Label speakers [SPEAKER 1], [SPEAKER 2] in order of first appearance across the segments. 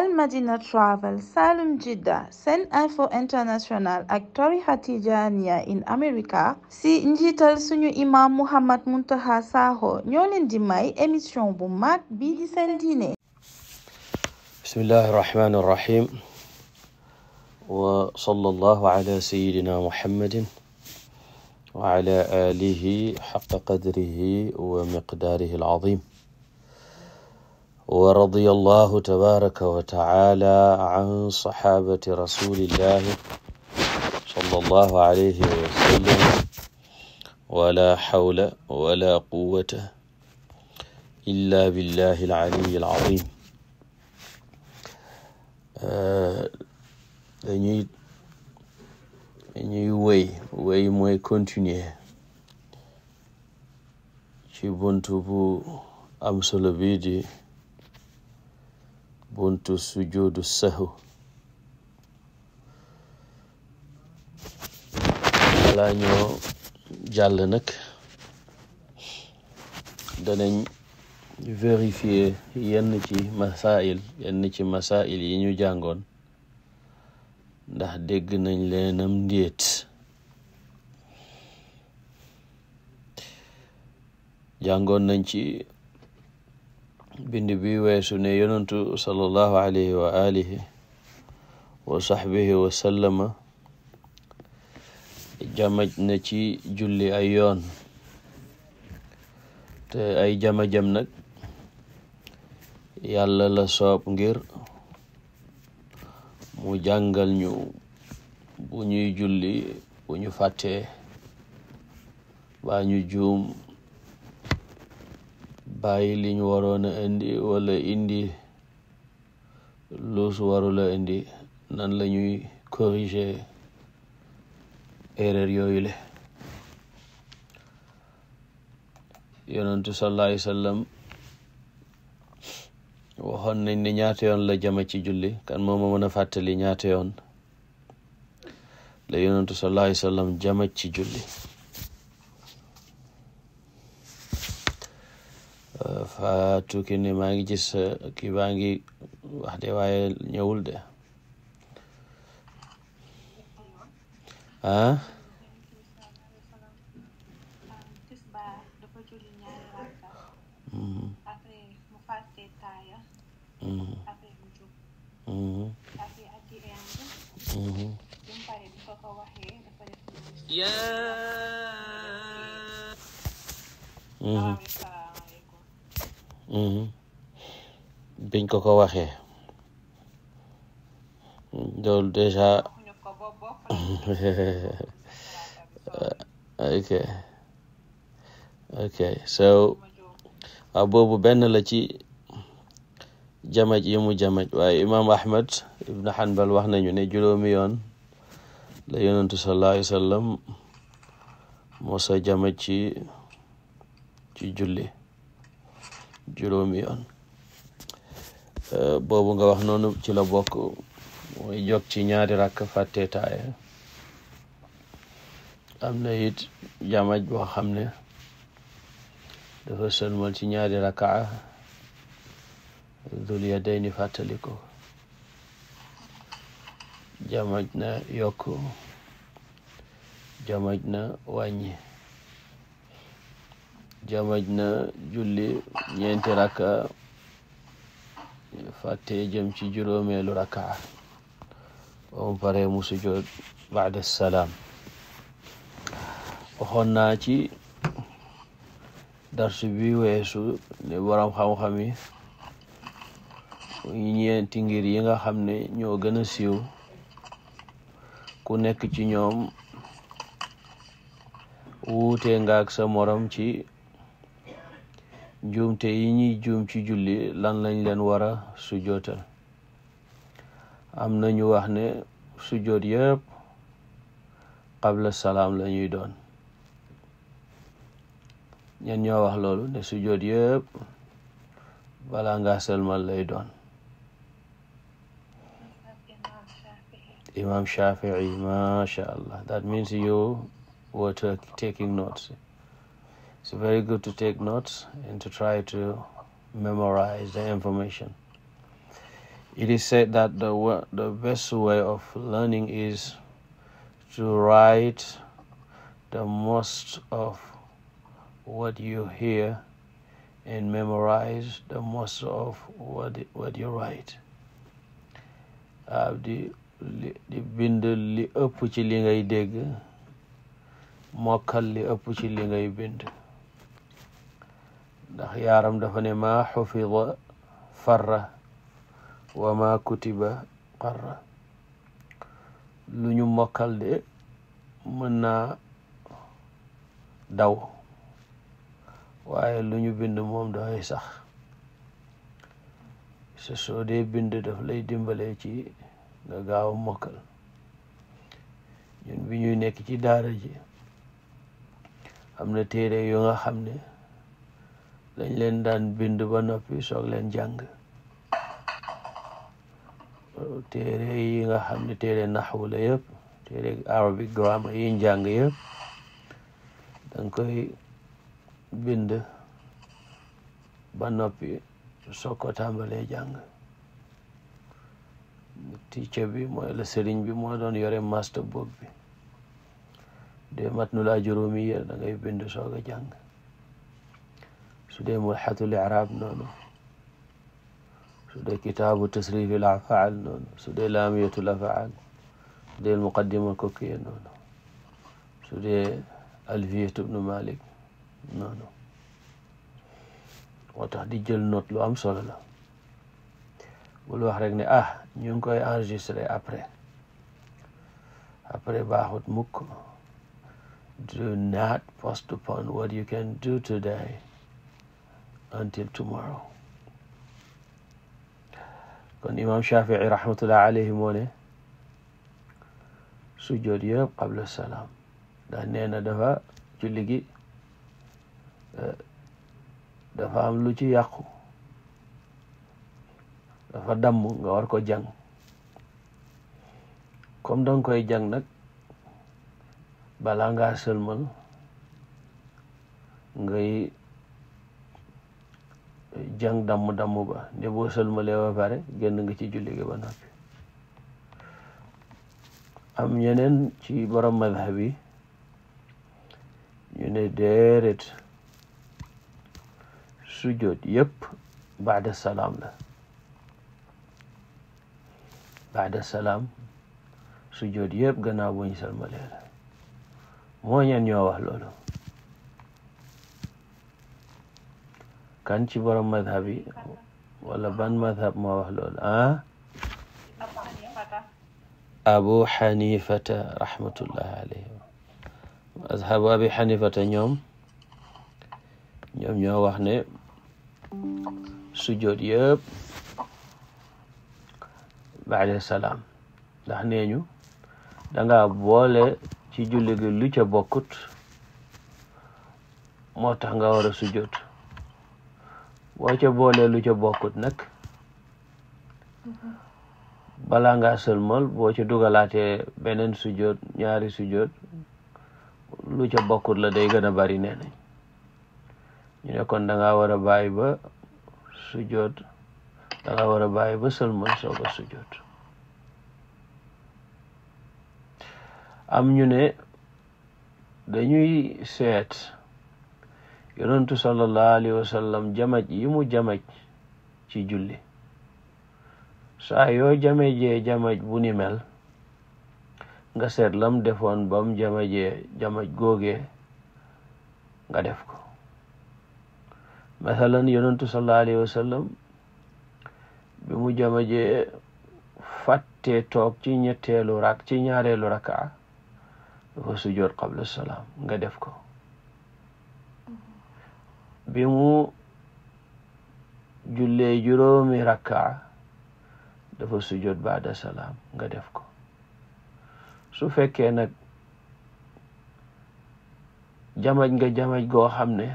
[SPEAKER 1] al madina travel salum jidda sen info international ak tarixa tijaniya in america si njiital suñu imam Mouhammad Muntaqa Sakho ñoo leen di may émission bu mag bii di seen diine
[SPEAKER 2] bismillahi rahmani rahim wa sallallahu ala sayidina muhammadin wa ala alihi xaqa qadrihi wa miqdaarihi al azim ورضي الله تبارك وتعالى عن صحابة رسول الله صلى الله عليه وسلم ولا حول ولا قوة إلا بالله العلي العظيم dañuy dañuy wéy wéy mooy continuer ci buntu bu am solo bi di buntu sujudu sahw balaa jàll nag danañ vérifier yenn ci masail yenn ci masail yi ñu jàngoon ndax dégg nañ leenam ndéet jàngoon nañ ci bind bi weesu ne yonantu sallallahu alayhi wa wa sahbihi wa sallama jamaj na ci julli ay yoon te ay jamajam nag yàlla la soob ngir mu jàngal ñu bu ñuy julli bu ñu fàttee baa ñu juum bàyyi liñ waroon a indi wala indi lu su warula indi nan la ñuy corriger erreur yooyu le yonentu sallallahu alayhi wasallam waxoon nañ ne ñaata yoon la jama ci julli kan moo ma mën a fàttali ñaata yoon la yonentu sallallahu alayhi wasallam ci julli Fatou Kiné maa ngi gis kii baa ngi wax de waaye ñëwul de ah
[SPEAKER 3] mm -hmm.
[SPEAKER 2] Mm-hmm. biñ ko ko waxe loolu déjà ok so waaw ah, boobu benn la ci jamaj yi mu jamaj waaye imaam ahmad ibn hanbal wax nañu ne juróomi yoon la yonentu sallallahu jamaj ci ci julli juróomi yoon eh, boobu nga wax noonu ci la bokk mooy jog ci ñaari rakk fàtte taaye am na it jamaj boo xam ne dafa sëlmal ci ñaari rakaa dul yadayni fàttali ko jamaj na yokk jamaj na wàññi jamaj na julli ñeenti rakka fàtte jëm ci juróomeelu rakkaa ba mu pare baada salaam waxoon naa ci darsu bi weesu ne borom xam-xam ñeenti ngir yi nga xam ne ñoo gën a siiw ku nekk ci ñoom wuute nga ak sa morom ci juumte yi ñuy juum ci julli lan lañ leen war a sujjootal am na ñu wax ne sujjoot yëpp qabla salaam la ñuy doon ñen ñoo wax loolu ne sujjoot yëpp balaa ngaa selmal lay doon imam Shafi'i masha Allah that means you were taking notes it's very good to take notes and to try to memorize the information. It is said that the best way of learning is to write the most of what you hear and memorize the most of what you write. Uh, bind li ëpp ci li ngay dégg bind. ndax yaaram dafa ne maa xufida farra wa maa kutiba xarra lu ñu mokkal de mën naa daw waaye lu ñu bind moom dafay sax sa soo dee bind daf lay dimbale ci nga gaaw a mokkal ñun bi nekk ci daara ji am na téere yu nga xam ne lañ leen daan bind ba noppi soog leen jàng téere yi nga xam ne téere naxwu la yëpp téere arabic grammar yi njàng yëpp dañ koy bind ba noppi soog ko tàmbalee jàng teacher bi mooy la sëriñ bi moo doon yore master book bi de nu laa juróom yër da ngay bind soog a jàng su dee mulxatul iraab noonu su dee kitaabu tasrifi l afaal noonu su dee laamiyatul afaal su dee muqaddima kokkiye noonu su dee alfiyatu bnu malik noonu moo tax di jël note lu am solo la bul wax rek ne ah ñu ngi koy enregistré après après baaxut mukk do not postpone what you can do today until tomorrow kon imam shafii rahmatullah alayhi moo sujjood yëpp qabla salaam daa nee na dafa julli gi eh, dafa am lu ci yàqu dafa damm nga war ko jàng comme danga koy jàng nag balaa ngaa sëlmal ngay jàng damm damm ba nde boo sëlmalee ba pare génn nga ci julli gi ba noppi am ñeneen ci borom madhab ñu ne déeret sujjoot yëpp baada salaam la baada salaam sujjoot yëpp gannaaw bu ñu sëlmalee la moo ñeen ñoo wax loolu kan ci borom madhab yi wala ban madhab moo wax loolu ah abu xanifata rahmatullahi alayhi mazhabu xanifata ñoom ñoom ñoo wax ne sujood yëpp baada salaam ndax nee ñu danga boole ci julli gi lu bokkut moo tax nga war a sujood boo ca boolee lu ca bokkut nag balaa ngaa sëlmal boo ca dugalaatee beneen sujjoot ñaari sujjoot lu ca bokkut la day gën a bari nee ñu ne kon danga war a bàyyi ba sujjoot da ngaa war a bàyyi ba sëlmal soo ko sujjoot am ñu ne dañuy seet yonentu sallallahu alayhi wa yi mu jamaj ci julli saa yoo jamajee jamaj bu ni mel nga seet lam defoon bam jamajee jamaj googee nga def ko mathalan yonentu sallallahu alayhi wa mu jamajee fàttee toog ci ñetteelu rak ci ñaareelu rakaa dafa sujjoot qabla salaam nga def ko bi mu jullee juróomi rakkaa dafa sujjoot baada salaam nga def ko su fekkee nag jamaj nga jamaj goo xam ne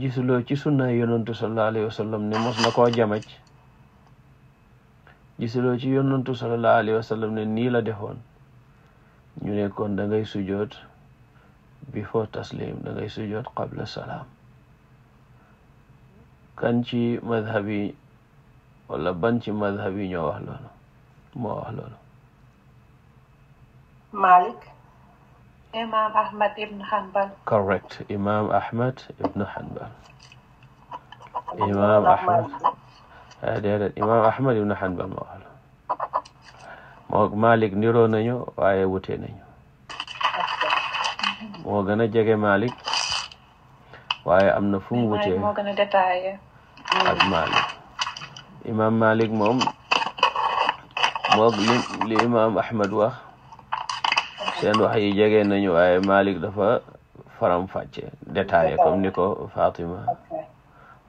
[SPEAKER 2] gisuloo ci sunna yonantu sallallahu alayhi wa ne mos na koo jamaj gisuloo ci yonantu sallallahu alayhi wa ne nii la defoon ñu kon da ngay before taslim da ngay qabla salaam kan ci wala ban ci madhab yi ñoo wax loolu moo wax loolu
[SPEAKER 1] Malik Imam Ahmad ibn Hanbal
[SPEAKER 2] Imam Ahmad ibn Hanbal Imam ah, Ahmad ibn Hanbal moo niroo nañu waaye wutee nañu moo gën a jege Malik waaye am na fu mu wutee ak Malik imaam Malik moom moog li imaam Ahmad wax seen wax yi jege nañu waaye Malik dafa faram fàcce détaillé comme ni ko Fatima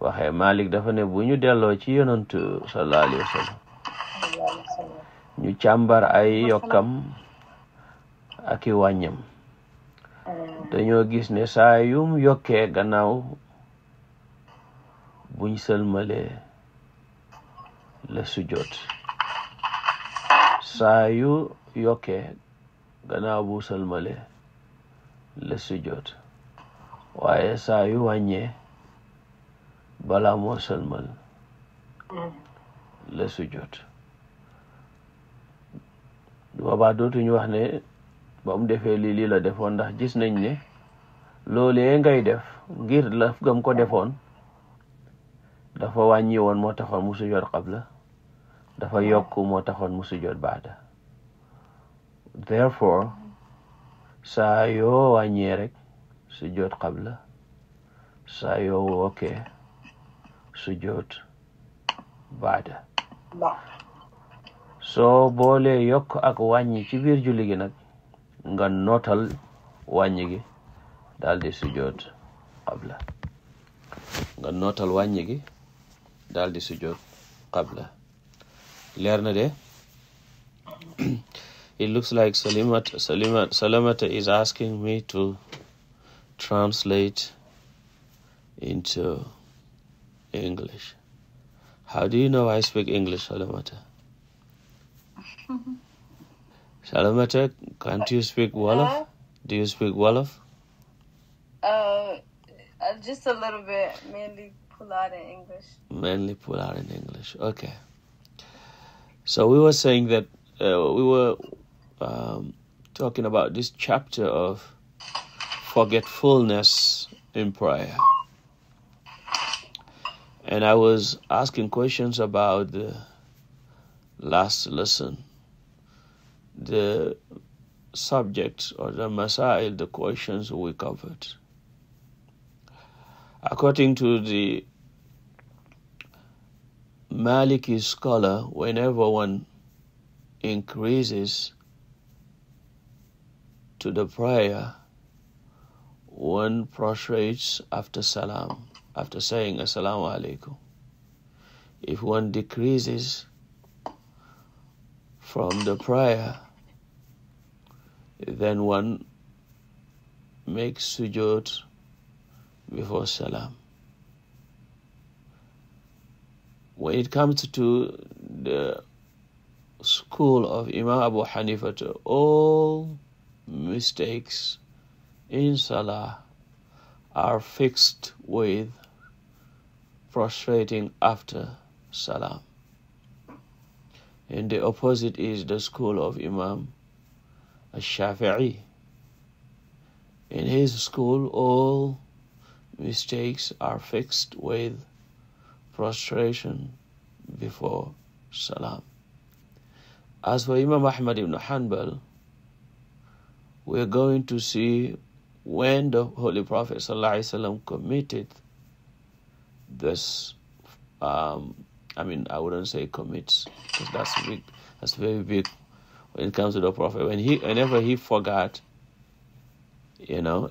[SPEAKER 2] waxee dafa ne ñu delloo ci yonantu sallallahu alayhi wa sallam ñu càmbar ay yokkam ak i dañoo gis ne saa yum yokkee gannaaw buñ sëlmalee la sujjoot saa yokkee gannaaw bu sëlmalee la sujjoot waaye saa yu wàññee balaa moo sëlmal la sujjoot boobaa dootuñu wax ne ba defee lii lii la defoon ndax gis nañ ne loolee ngay def ngir la gam ko defoon dafa wàññi woon moo taxoon mu sujjoot qabla dafa yokk moo taxoon mu sujjoot baada therefore saa yoo wàññee rek sujjoot qabla saa yoo wokkee sujjoot baada soo boole yokk ak wàññi ci biir julli gi nag nga nootal wàññi gi daal di sujjoot qabla nga nootal wàññi gi daal di sujjoot qabla leer na de it looks like Salimata is asking me to translate into English how do you know I speak English Salamata Salamata, can't you speak Wolof? Uh, Do you speak Wolof?
[SPEAKER 1] Uh, just a little bit, mainly Pulaar in English.
[SPEAKER 2] Mainly Pulaar in English. Okay. So we were saying that uh, we were um, talking about this chapter of forgetfulness in prayer. And I was asking questions about the last lesson the subjects or the masail, the questions we covered. According to the Maliki scholar, whenever one increases to the prayer, one prostrates after salam, after saying assalamu alaikum. If one decreases from the prayer, then one makes sujood before salam. When it comes to the school of Imam Abu Hanifa, all mistakes in salah are fixed with prostrating after salam. And the opposite is the school of Imam Shafi'i. In his school, all mistakes are fixed with prostration before salam. As for Imam Ahmad ibn Hanbal, we are going to see when the Holy Prophet sallallahu alaihi wasallam committed this. Um, I mean, I wouldn't say commits because that's big. That's very big when it comes to the prophet. When he, whenever he forgot, you know,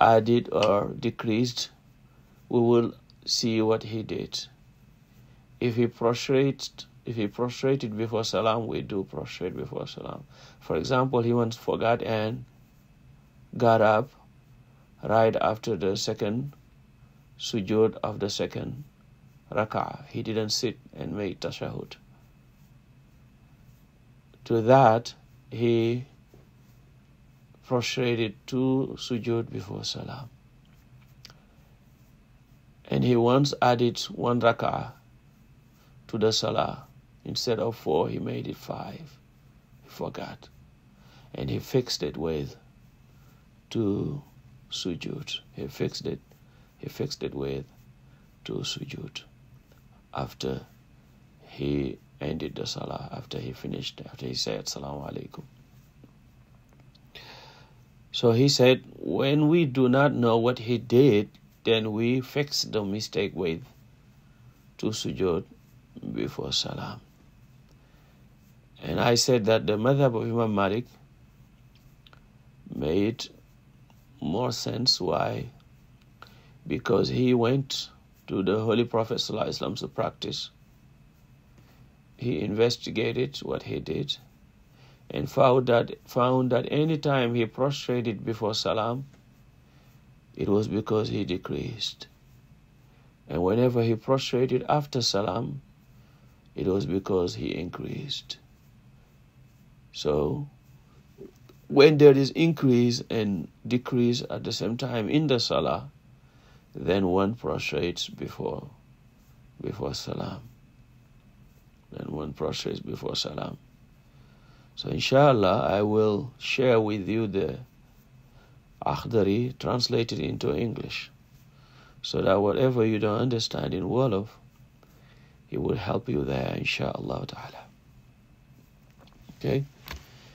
[SPEAKER 2] added or decreased, we will see what he did. If he prostrated, if he prostrated before salam, we do prostrate before salam. For example, he once forgot and got up right after the second sujood of the second rak'ah. He didn't sit and make tashahud. Through that, he prostrated two sujud before salam. And he once added one rak'ah to the salah. Instead of four, he made it five. He forgot. And he fixed it with two sujud. He fixed it. He fixed it with two sujud after he and did the salah after he finished, after he said, Salaamu Alaikum. So he said, when we do not know what he did, then we fix the mistake with two sujood before salam. And I said that the madhab of Imam Malik made more sense. Why? Because he went to the Holy Prophet to practice he investigated what he did and found that found that any time he prostrated before salam it was because he decreased and whenever he prostrated after salam it was because he increased so when there is increase and decrease at the same time in the salah then one prostrates before before salam Then one prostrates before salam. So inshallah, I will share with you the Akhdari translated into English so that whatever you don't understand in Wolof, it will help you there, inshallah ta'ala. Okay?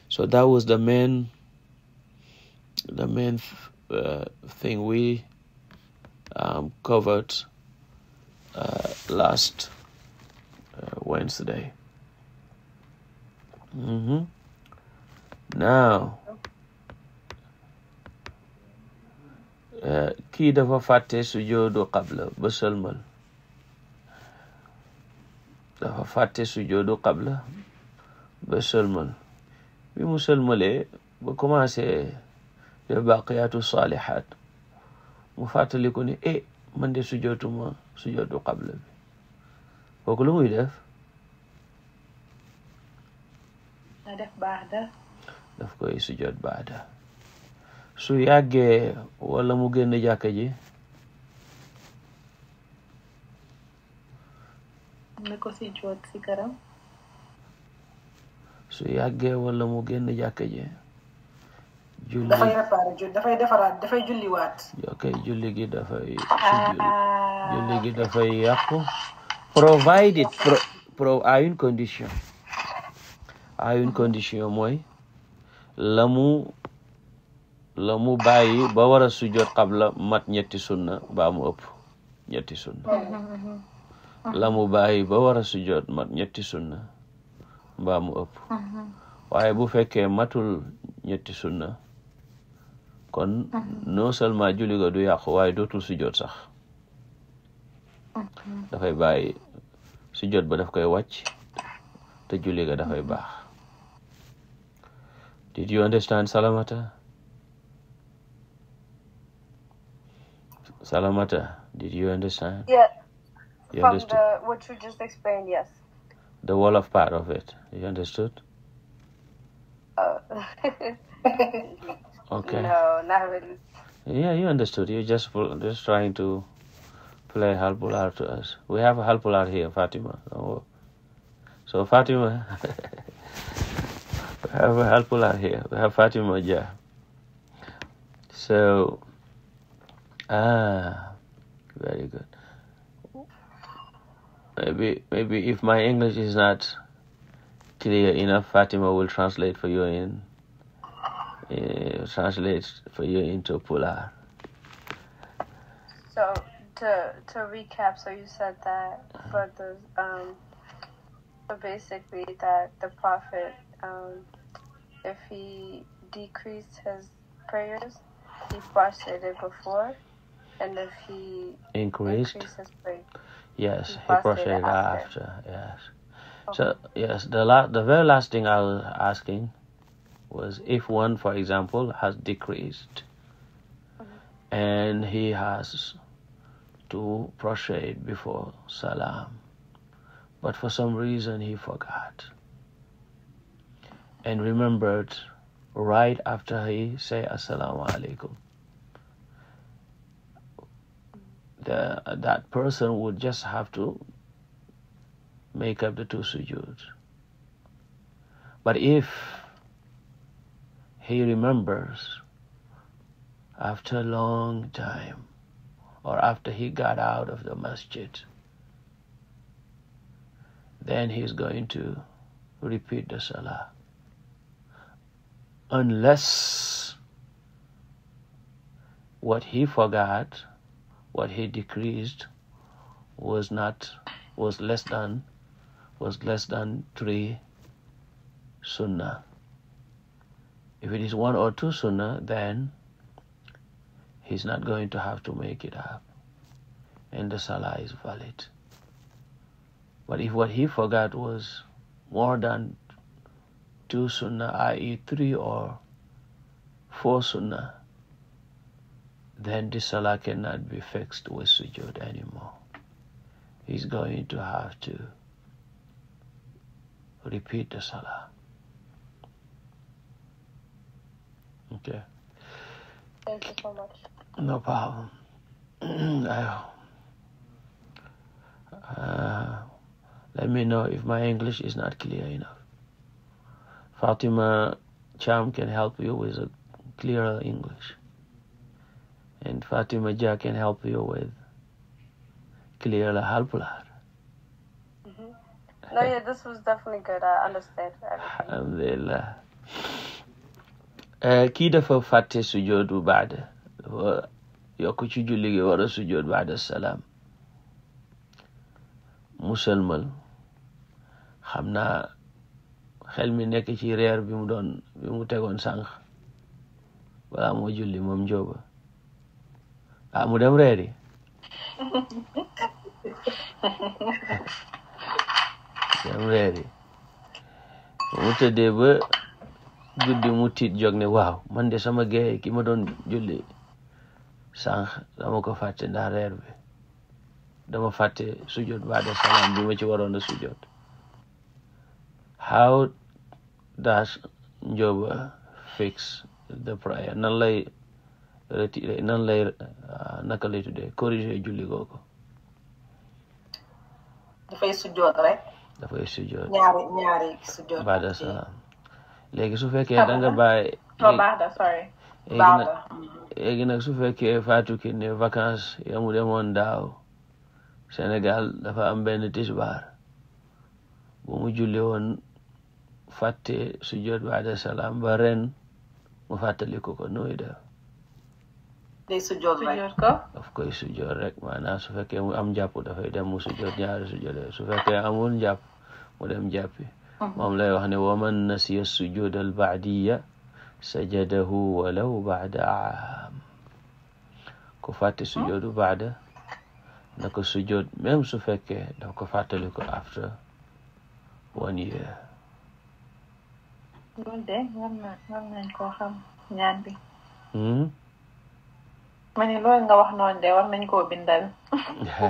[SPEAKER 2] So that was the main, the main uh, thing we um, covered uh, last uh, Wednesday. Mm-hmm. Uh, kii dafa fàtte sujoodu qabla ba sëlmal dafa fàtte sujoodu qabla ba sëlmal bi mu sëlmalee ba commencé def baqiyaatu saalihaat mu fàttaliku ne eh man de sujootuma sujoodu qabla bi kooku lu muy def.
[SPEAKER 1] na def baada.
[SPEAKER 2] daf koy sujjoot baada. su yàggee wala mu génn jàkka ji.
[SPEAKER 1] na ko sujjoot
[SPEAKER 2] su yàggee wala mu génn jàkka ji. julli dafay
[SPEAKER 1] réparé dafay dafay julli
[SPEAKER 2] gi julli gi dafay yàqu. provided pro, pro condition à condition mooy lamu mu la mu bàyyi ba war a sujjoot qabla mat ñetti sunna ba mu ëpp ñetti sunna la mu bàyyi ba war a sujjoot mat ñetti sunna ba mu ëpp waaye bu fekkee matul ñetti sunna kon non seulement julli ga du yàqu waaye dootul sujjoot sax dafay bàyyi sujjóot ba daf koy wàcc te julli ga dafay baax did you understand Salamata Salamata did you understand
[SPEAKER 1] what you just explained yes
[SPEAKER 2] the Wolof part of it you understood uh, yeah you understood you just trying to play helpful art to us. We have a helpful art here, Fatima. So Fatima, we have a helpful art here. We have Fatima Jah. So, ah, very good. Maybe maybe if my English is not clear enough, Fatima will translate for you in uh, translate for you into Pular.
[SPEAKER 3] So to
[SPEAKER 1] to recap, so you said that for the um, so basically that the prophet, um, if he decreased his prayers, he frustrated before, and if he
[SPEAKER 3] increased, increased his prayers,
[SPEAKER 2] yes, he frustrated after. after. yes. Okay. So yes, the la- the very last thing I was asking was if one, for example, has decreased, mm-hmm. and he has to prostrate before salam. But for some reason he forgot and remembered right after he say assalamu alaikum. The, that person would just have to make up the two sujood. But if he remembers after a long time or after he got out of the masjid. Then he is going to repeat the salah. Unless what he forgot, what he decreased, was not was less than was less than three sunnah. If it is one or two sunnah, then He's not going to have to make it up. And the salah is valid. But if what he forgot was more than two sunnah, i.e., three or four sunnah, then the salah cannot be fixed with sujood anymore. He's going to have to repeat the salah. Okay. Thank you so much. No problem. Uh, let me know if my English is not clear enough. Fatima Cham can help you with a clearer English. And Fatima Jah can help you with clearer Halpular.
[SPEAKER 1] Mm-hmm. No, yeah, this
[SPEAKER 2] Alhamdulillah. Uh, kii dafa fàtte sujoodu baada dafa yokk ci julli gi war a sujjoot baada salaam musalmal xam naa xel mi nekk ci reer bi mu doon bi mu tegoon sànq moo julli moom njóoba ah mu dem reeri dem reeri mu tëddee ba guddi mu tiit jóg ne waaw man de sama géeye ki ma doon julli sànq dama ko fàtte ndax reer bi dama fàtte sujjoot baada salaam bi ma ci waroon a sujjoot how does njoba fix the prayer nan lay retiré nan lay ah, naka lay tuddee corriger julli googu
[SPEAKER 1] dafay sujjoot rek
[SPEAKER 2] dafay sujjoot ñaari
[SPEAKER 1] ñaari sujjoot baada
[SPEAKER 2] salaam léegi su fekkee da nga bàyyi léegi léegi nag su fekkee Fatou Kiné vacances ya mu demoon daaw Sénégal dafa am benn tisbaar bu mu julli woon fàtte sujjoot baada salaam ba mu fàttaliku ko nuy def koy sujjoot rek su fekkee am jàpp dafay dem mu sujjoot ñaari sujjoot su fekkee amul jàpp mu dem jàppi mm-hmm. moom lay wax ne waman nasiya sujjoodal baadiya sajadahu walaw baada aam ku fàtte sujoodu baada na ko sujood même su fekkee daf ko fàttali ko after one year
[SPEAKER 1] loolu de hmm? nga wax noonu de war nañ koo bindal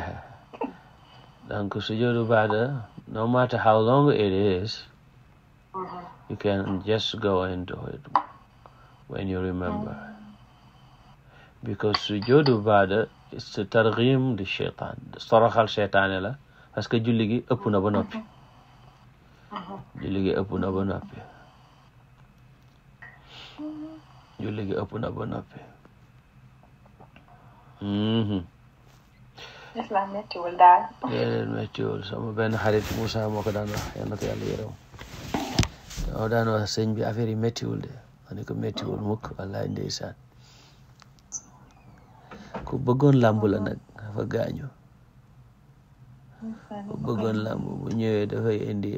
[SPEAKER 2] donc sujoodu baada no matter how long it is mm-hmm. you can just go into it when you remember ah. because sujudu ba'da is to targhim soroxal shaytaane la parce que julli gi ëpp na ba noppi ah. julli gi ëpp na ba noppi mm-hmm. julli gi ëpp mm-hmm. benn xarit Moussa moo daan wax yal na ko daan wax sëñ bi affaire yi méttiwul de ma ne ko méttiwul mukk wallaay ndeysaan ku bëggoon làmb la nag dafa gaañu ku bëggoon làmb bu ñëwee dafay indi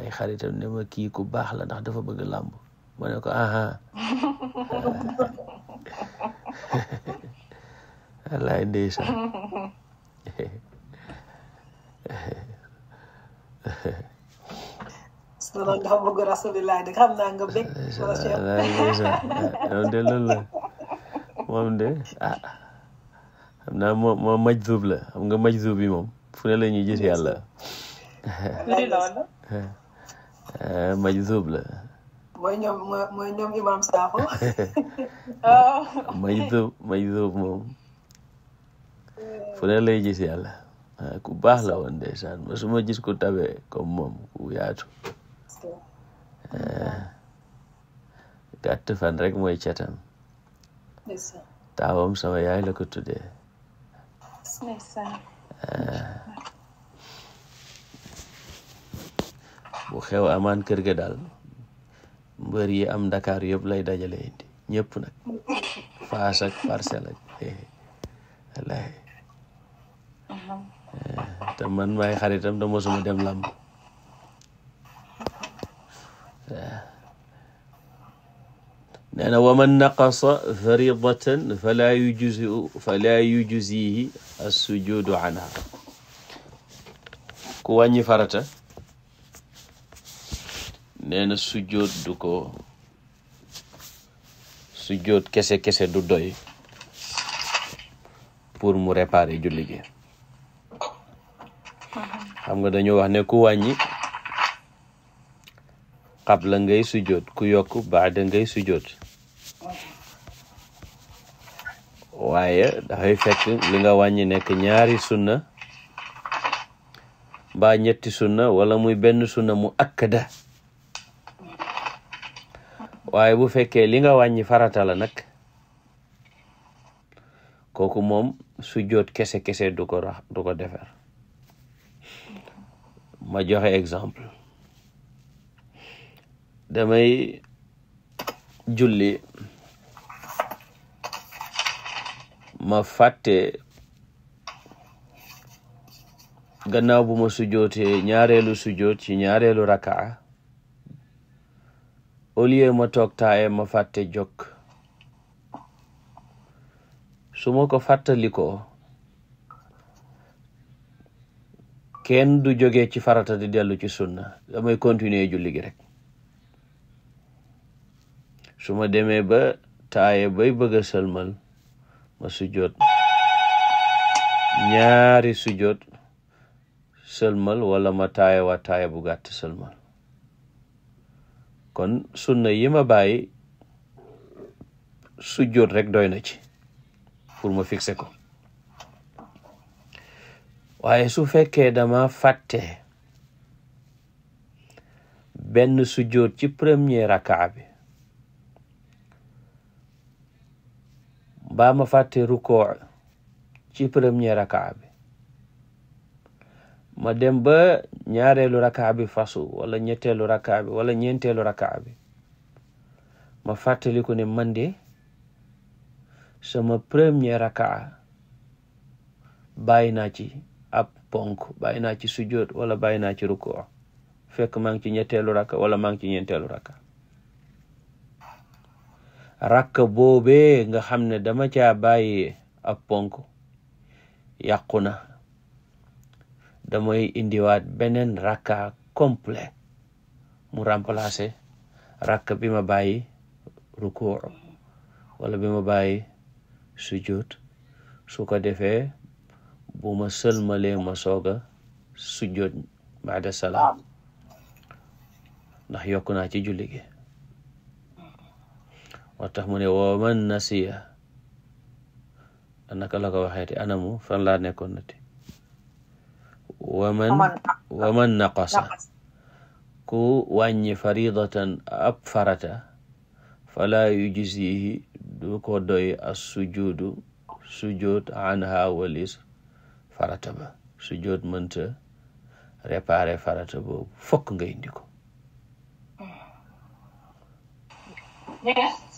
[SPEAKER 2] ay xaritam ne ma kii ku baax la ndax dafa bëgg làmb ma ne ko aha wallaay ndeysaan
[SPEAKER 1] ma doon nga bëgg rasulilah de xam naa nga bëgg. yow de
[SPEAKER 2] loolu la moom de ah xam naa moom moom majzub la xam nga majzub bi moom fu ne la ñuy gis yàlla. lay loolu. majzub la.
[SPEAKER 1] mooy ñoom mooy ñoom imam Sakho.
[SPEAKER 3] Oh.
[SPEAKER 2] majzub majzub moom fu ne lay gis yàlla. ku baax la woon ndeysaan ma su ma gis ku tabe comme moom ku yaatu Eh, gàtt fan rek mooy catam taawam sama yaay la ko tuddee eh. bu xew amaan kër ga daal mbër yi am Dakar yëpp lay dajale indi ñëpp nag faas ak parcelle ak eh, wallaahi uh-huh. te man maay xaritam da mosuma dem làmb nee na wa man naqasa faridatan fala yujziu fala yujzihi assujudu anha ku wàññi farata nee na sujjóot du ko sujjóot kese-kese du doy pour mu réparer julli gi xam nga dañoo wax ne ku wàññi xabla ngay sujjóot ku yokk baada ngay sujjóot waaye dafay fekk li nga wàññi nekk ñaari sunna mbaa ñetti sunna wala muy benn sunna mu akkada waaye bu fekkee li nga wàññi farata la nag kooku moom sujjóot kese kese du ko rax du ko defer ma joxe exemple damay julli ma fàtte gannaaw bu ma sujootee ñaareelu sujoot ñaareelu rakaa au lieu ma toog taaye ma fàtte jokk suma ko fàttalikoo kenn du jóge ci farata di dellu ci sunna damay continuer julli gi rek su ma demee ba taaye bay bëgg sëlmal ma sujjoot ñaari sujjoot sëlmal walla ma taaye waa taaye bu gàtt sëlmal kon sunna yi ma bàyyi sujjoot rek doy na ci pour ma fixer ko waaye su fekkee dama fàtte benn sujjoot ci premier rakaa bi ba ma fàtte rukoo ci premier rakaa ma dem ba ñaareelu rakaa bi fasu wala ñetteelu rakaa bi wala ñeenteelu rakaa bi ma fàttaliku ne man de sama premier rakaa bàyyi naa ci ab ponk bàyyi naa ci sujjoot wala bàyyi naa ci rukoo fekk maa ngi ñetteelu raka wala maa ngi ci ñeenteelu raka rakk boobee nga xam ne dama caa bàyyi ab ponk yàqu na damay indiwaat beneen rakka complet mu remplacer rakk bi ma bàyyi rukuur walla bi ma bàyyi sujjoot su ko defee bu ma sëlmalee ma soog a sujjoot baada salaam ndax yokk naa ci julli gi moo tax mu ne woo man nasiya naka la ko waxeeti anamu fan laa nekkoon nati waman waman naqasa ku wàññi faridatan ab farata fala yujzihi du ko doy as sujudu sujud anha walis farata ba sujud mënta réparé farata boobu fokk nga indi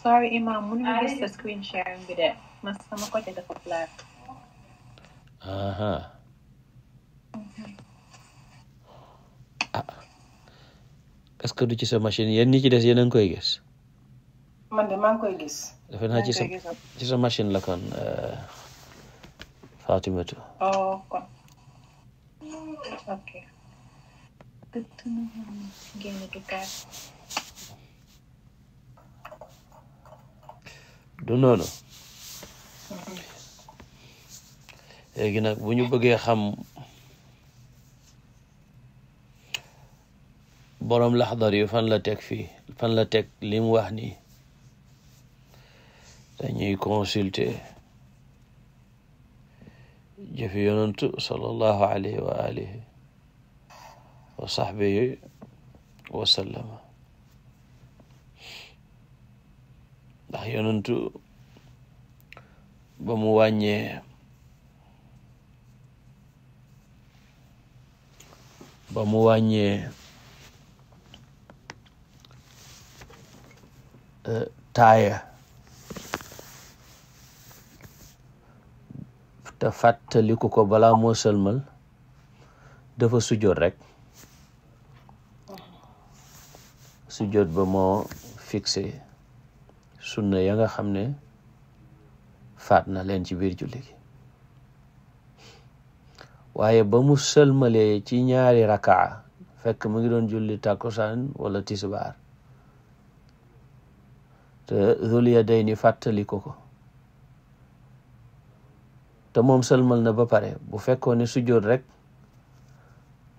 [SPEAKER 1] sorry Imaam mënuñu gis sa screen sharing bi de man sama côté dafa flat.
[SPEAKER 3] ah
[SPEAKER 2] est-ce que du ci sa machine yéen ñi ci des yéen a ngi koy gis.
[SPEAKER 1] man de maa ngi koy gis. defe naa ci sa
[SPEAKER 2] ci sa machine la kon euh, Fatimatu. oh kon ok. du noonu léegi nag bu ñu bëggee xam boroom laxdar yu fan la teg fii fan la teg li mu wax nii dañuy consulter jëfi yonantu sallallahu alayhi wa ndax yonentu ba mu wàññee ba mu wàññee e, taaya te fàttaliku ko bala moo sëlmal dafa sujjoot rek sujjoot ba moo fixé sunna ya nga xam ne faat na leen ci biir julli gi waaye ba mu sëlmalee ci ñaari rakaa fekk mu ngi doon julli takkusaan wala tisbaar te Zul Yadayni fàttali ko ko te moom sëlmal na ba pare bu fekkoon ne sujjoot rek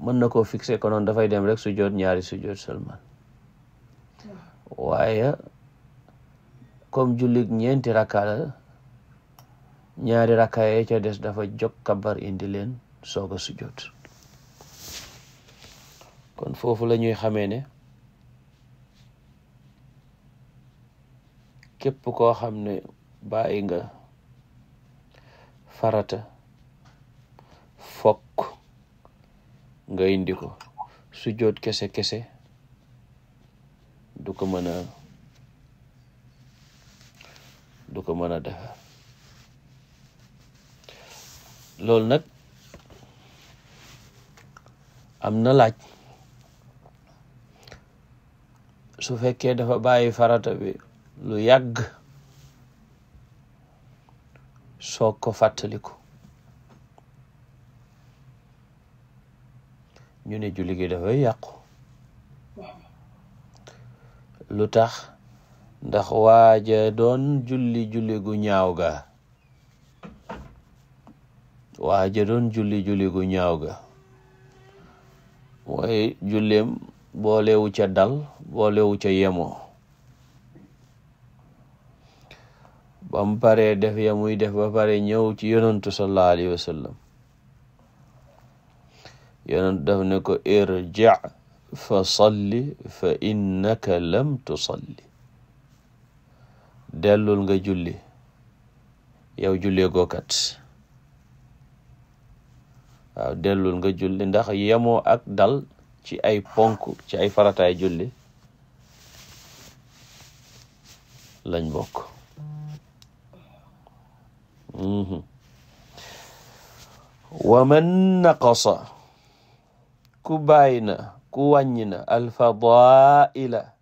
[SPEAKER 2] mën na koo fixé ko noonu dafay dem rek sujjoot ñaari sujjoot sëlmal hmm. waaye comme jullig ñeenti rakka ñaari rakka yee ca des dafa jóg kabar indi leen soog a sujjoot kon foofu la ñuy xamee ne képp koo xam ne bàyyi nga farata fokk nga indi ko sujjoot kese kese du ko mën a du ko mën a defar loolu nag am na laaj su fekkee dafa bàyyi farata bi lu yàgg soog ko fàttaliku ñu ne julli gi dafay yàqu lu tax ndax waaja doon julli julli gu ñaaw ga waaja doon julli julli gu ñaaw ga mooy julleem boolewu ca dal boolewu ca yemoo ba mu def ya muy def ba pare ñëw ci yonantu sallallahu daf ne ko irji fa salli fa innaka lam tusalli dellul nga julli yow jullee gookat waaw dellul nga julli ndax yemoo ak dal ci ay ponk ci ay farataay julli lañ bokk mhm. wa man naqasa ku bàyyi na ku wàññi na alfadaila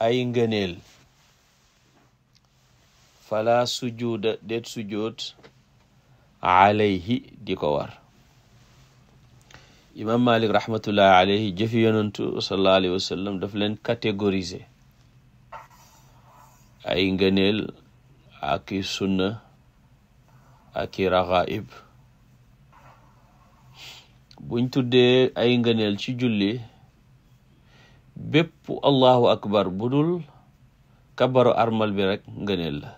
[SPEAKER 2] ay ngëneel fala sujuuda det sujoot alayhi di ko war imam malik rahmatullahi alayhi jëfi yonentu sallallahu alayhi wa sallam daf leen catégoriser ay ngëneel ak i sunna ak ragaib buñ tuddee ay ngëneel ci julli bépp allahu akbar bu dul kabaru armal bi rek ngëneel la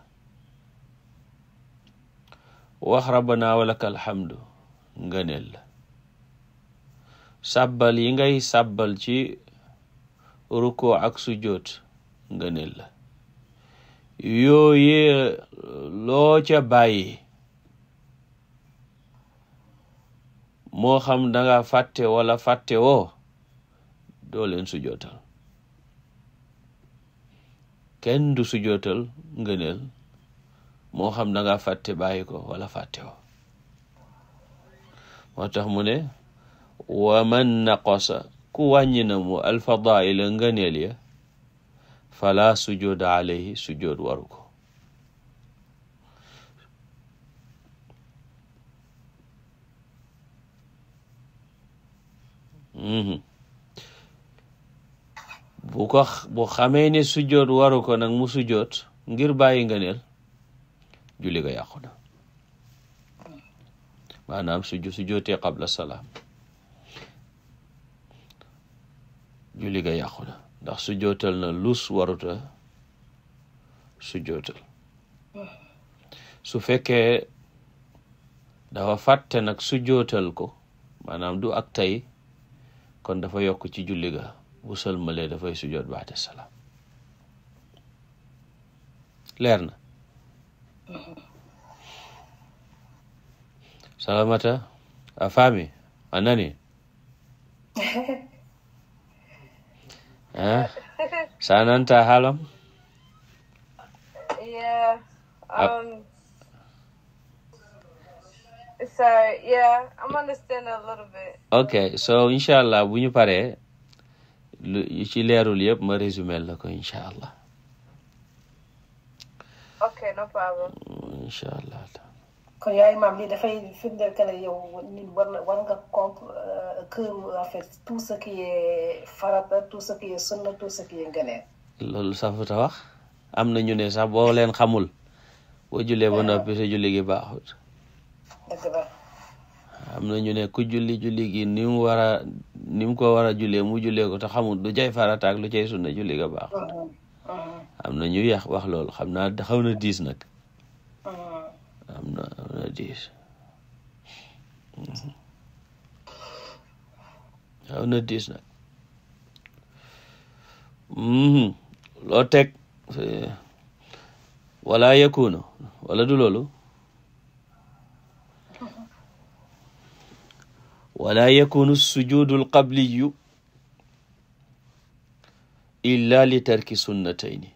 [SPEAKER 2] wax rabbana walaka alhamdu ngëneel la sabal yi ngay sàbbal ci ruko ak sujjóot ngëneel la yooyee loo ca bàyyi moo xam danga fàtte wala fàtte woo doo leen sujootal kenn du sujootal ngëneel moo xam na nga fàtte bàyyi ko wala fàtte wo moo tax mu ne wa man naqasa ku wàññi na mu alfadaila ngëneel ya fala sujud alayhi sujud ko mm-hmm. bu ko bu xamee ne sujjoot waru ko nag mu sujjoot ngir bàyyi ngëneel julli ga yàqu na maanaam su sujjootee qabla salaam julli ga yàqu na ndax sujjootal na lus waruta sujjootal su fekkee dafa fàtte nag sujjootal ko maanaam du ak tey kon dafa yokk ci julli ga bu sëlmalee dafay sujjoot baate salaam leer na salamata a faami a nani ah sa
[SPEAKER 1] yeah um so yeah I'm understanding a little
[SPEAKER 2] okay so inshallah bu ñu paree lu ci leerul yëpp ma résumé la ko incha allah.
[SPEAKER 1] ok no problem. incha yaay maam lii dafay firndeel que ne yow nit war na war nga compte euh, que en fait farata tout ce qui est sunna tout ce qui est ngëneel.
[SPEAKER 2] loolu safuta wax am na ñu ne sax boo leen xamul boo jullee ba noppi sa julli gi baaxut. am na ñu ne ku julli julli gi ni mu war a ko war a jullee mu julle ko ta xamul lu cay farataak lu cay sunna julli ga baax am na ñu yax wax lool xam naa xaw na diis nag am na diis na diis nag mhm. loo teg eh, wala yakunu wala du loolu wala yakunu sujudu alqabliyu illa li tarki sunnatayni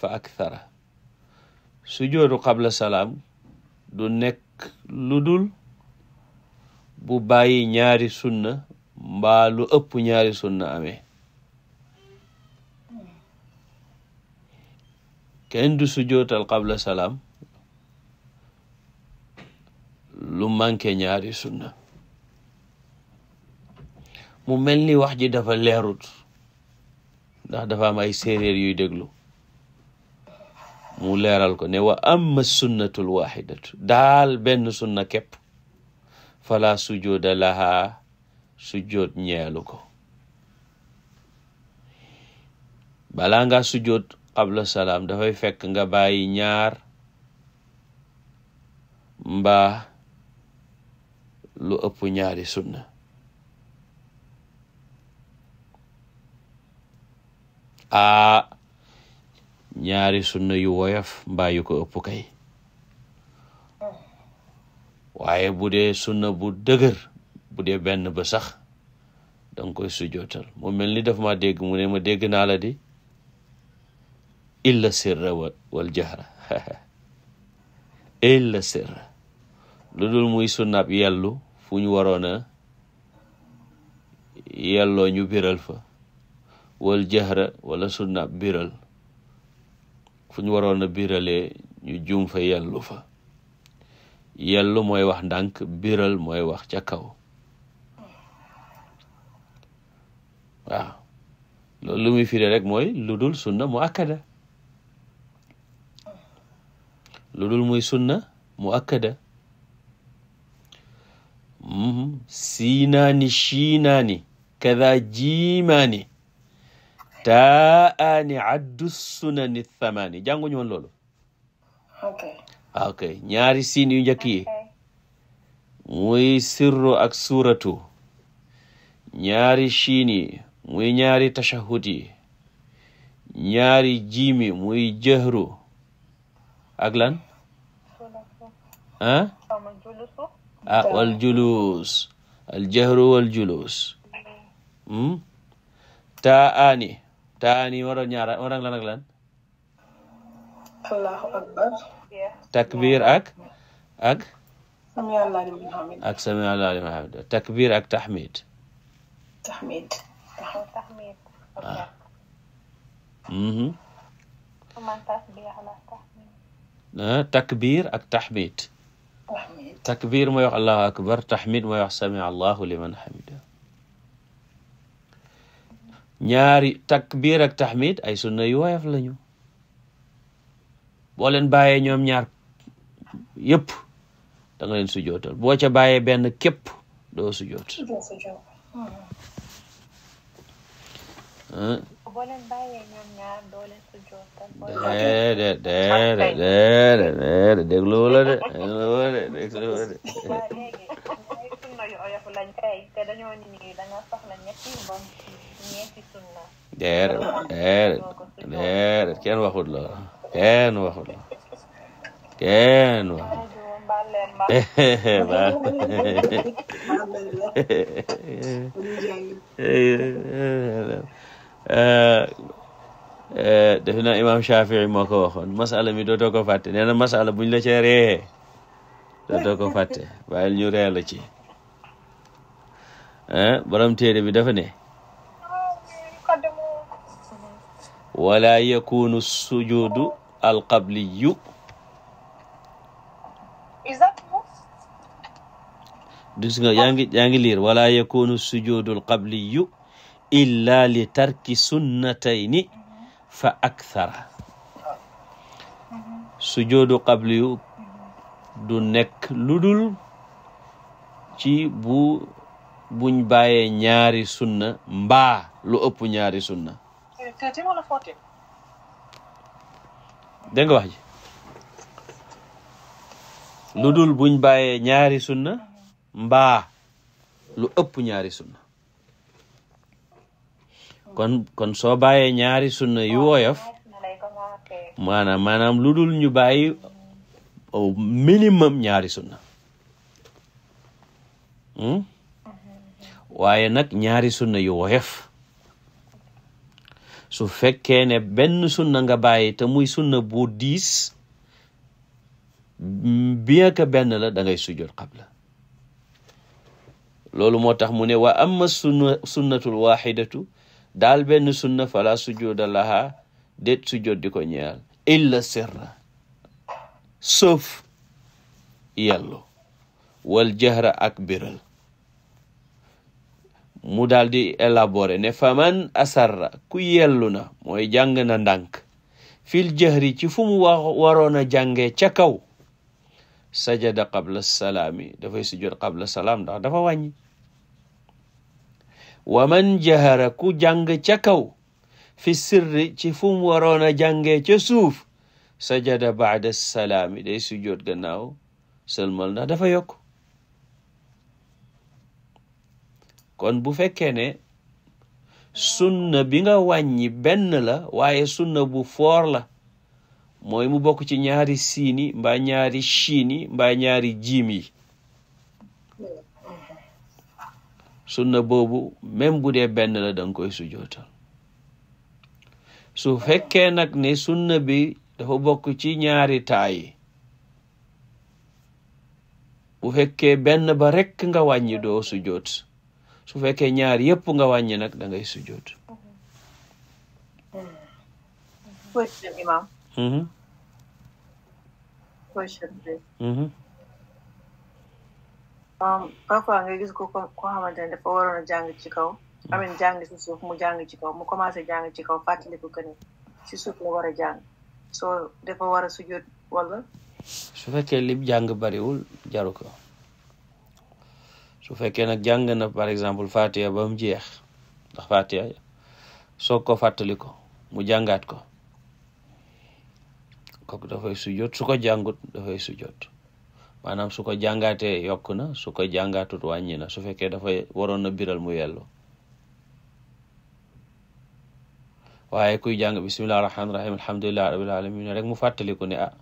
[SPEAKER 2] fa akthara sujudu qabla salaam du nekk lu dul bu bàyyi ñaari sunna mbaa lu ëpp ñaari sunna amee kenn du sujootal qabla salaam lu manqué ñaari sunna mu mel ni wax ji dafa leerut ndax dafa am ay séeréer yuy déglu mu leeral ko ne wa amma sunnatul waxidatu daal benn sunna képp fala sujooda laha sujood ñeelu ko bala nga sujood qabla salaam dafay fekk nga bàyyi ñaar mbaa lu ëpp ñaari sunna aa ah, ñaari sunna yu woyof mbaa yu ko ëpp kay waaye bu dee sunna bu dëgër bu dee benn ba sax danga koy sujootal mu mel ni dafa ma dégg mu ne ma dégg naa la di illa sirra wal jahra illa sirra lu dul muy sunnab yellu fu ñu waroon yelloo ñu biral fa wal jahra wala sunna birël fu ñu waroon a biralee ñu juum fa yellu fa yellu mooy wax ndànk birël mooy wax ca kaw waaw loolu lu muy firi rek mooy lu dul sunna mu akkada lu dul muy sunna mu akkada mhm. siinaani shiinaani kada jiimaani taa aani addu sunani thamani jànguñu woon
[SPEAKER 3] loolu ok
[SPEAKER 2] ah, ñaari siin yu njëkk yi muy sirru ak suuratu ñaari shiin yi muy ñaari tashahud yi ñaari jiimi muy jëhru ak lan ah ah wal julus taa aani taani waral ñaara waral lan ak lan
[SPEAKER 1] akbar
[SPEAKER 2] takbir ak ak ak sami allah liman hamid takbir ak tahmid
[SPEAKER 1] tahmid tahmid
[SPEAKER 2] ah. mhm. ah, takbir ak tahmid takbir mooy wax allahu akbar tahmid mooy sami allahu liman hamida ñaari takbir ak tahmid ay sunna yu woyof lañu boo leen bàyyee ñoom ñaar yëpp da nga boo ca bàyyee benn képp doo sujoot hmm. déedéet déedéet déedéet kenn waxut lool kenn waxut lool kenn waxut defe naa imaam Shafii moo ko waxoon masala mi dootoo ko fàtte nee na masala buñ la cee ree dootoo ko fàtte bàyyil ñu ree la ci borom téere bi dafa ne wala yakunu sujudu alqabliyu dus nga yaa ngi yaa ngi liir wala yakunu sujudu alqabliyu illa li tarki sunnatayni fa akthara sujudu qabliyu du nekk ludul ci bu buñ bàyyee ñaari sunna mbaa lu ëpp ñaari sunna 13 wala lu dul buñ bàyyee ñaari sunna mbaa lu ëpp ñaari sunna kon kon soo bàyyee ñaari sunna yu woyof maanaam maanaam lu dul ñu bàyyi au oh, minimum ñaari sunna hmm? mhm. waaye nag ñaari sunna yu woyof su fekkee ne benn sunna nga bàyyi te muy sunna bu diis bien que benn la da sujjoot qabla loolu moo tax mu ne wa amma sunna sunnatul waxidatu daal benn sunna fala sujjooda laha déet sujjoot di ko ñeel illa sirra sauf yàllu wal jahra ak biral mu daal di élaborer ne faman asarra ku yellu na mooy jàng na ndànk fil jahri ci fu mu waroon ca kaw sajada qabla salaami dafay sujud qabla salaam dafa wàññi wa man jahara ku jàng ca kaw fi sirri ci fum waroona waroon ca suuf sajada baada salaami day sujud gannaaw sëlmal ndax dafa yokk kon bu fekkee ne sunna bi nga wàññi benn la waaye sunna bu foor la mooy mu bokk ci ñaari siini mbaa ñaari chiini jiim yi sunna boobu même bu dee benn la danga koy sujootal su fekkee nag ne sunna bi dafa bokk ci ñaari taay bu fekkee benn ba rekk nga wàññi doo sujoot su fekkee ñaar yépp nga wàññi nag da ngay sujjoot
[SPEAKER 3] question imam mm
[SPEAKER 1] parfois nga gis ko ko xamante ne dafa waroon a jàng ci kaw amin jàng ci suuf mu jàng ci kaw mu commencé jàng ci kaw fàttaliku ko ni ci suuf la war a jàng soo dafa war a sujjoot walla
[SPEAKER 2] su fekkee li jàng bariwul jaru ko su fekkee nag jàng na par exemple fatiha ba mu jeex ndax fatiha ko fàttali ko mu jàngaat ko kooku dafay sujjoot su ko jàngut dafay sujjoot maanaam su ko jàngaatee yokk na su ko jàngaatut wàññi na su fekkee dafay waroon na biral mu yellu waaye kuy jàng bismillahi rahmaani rahim alhamdulillahi rabbil alamin rek mu fàttaliku ne ah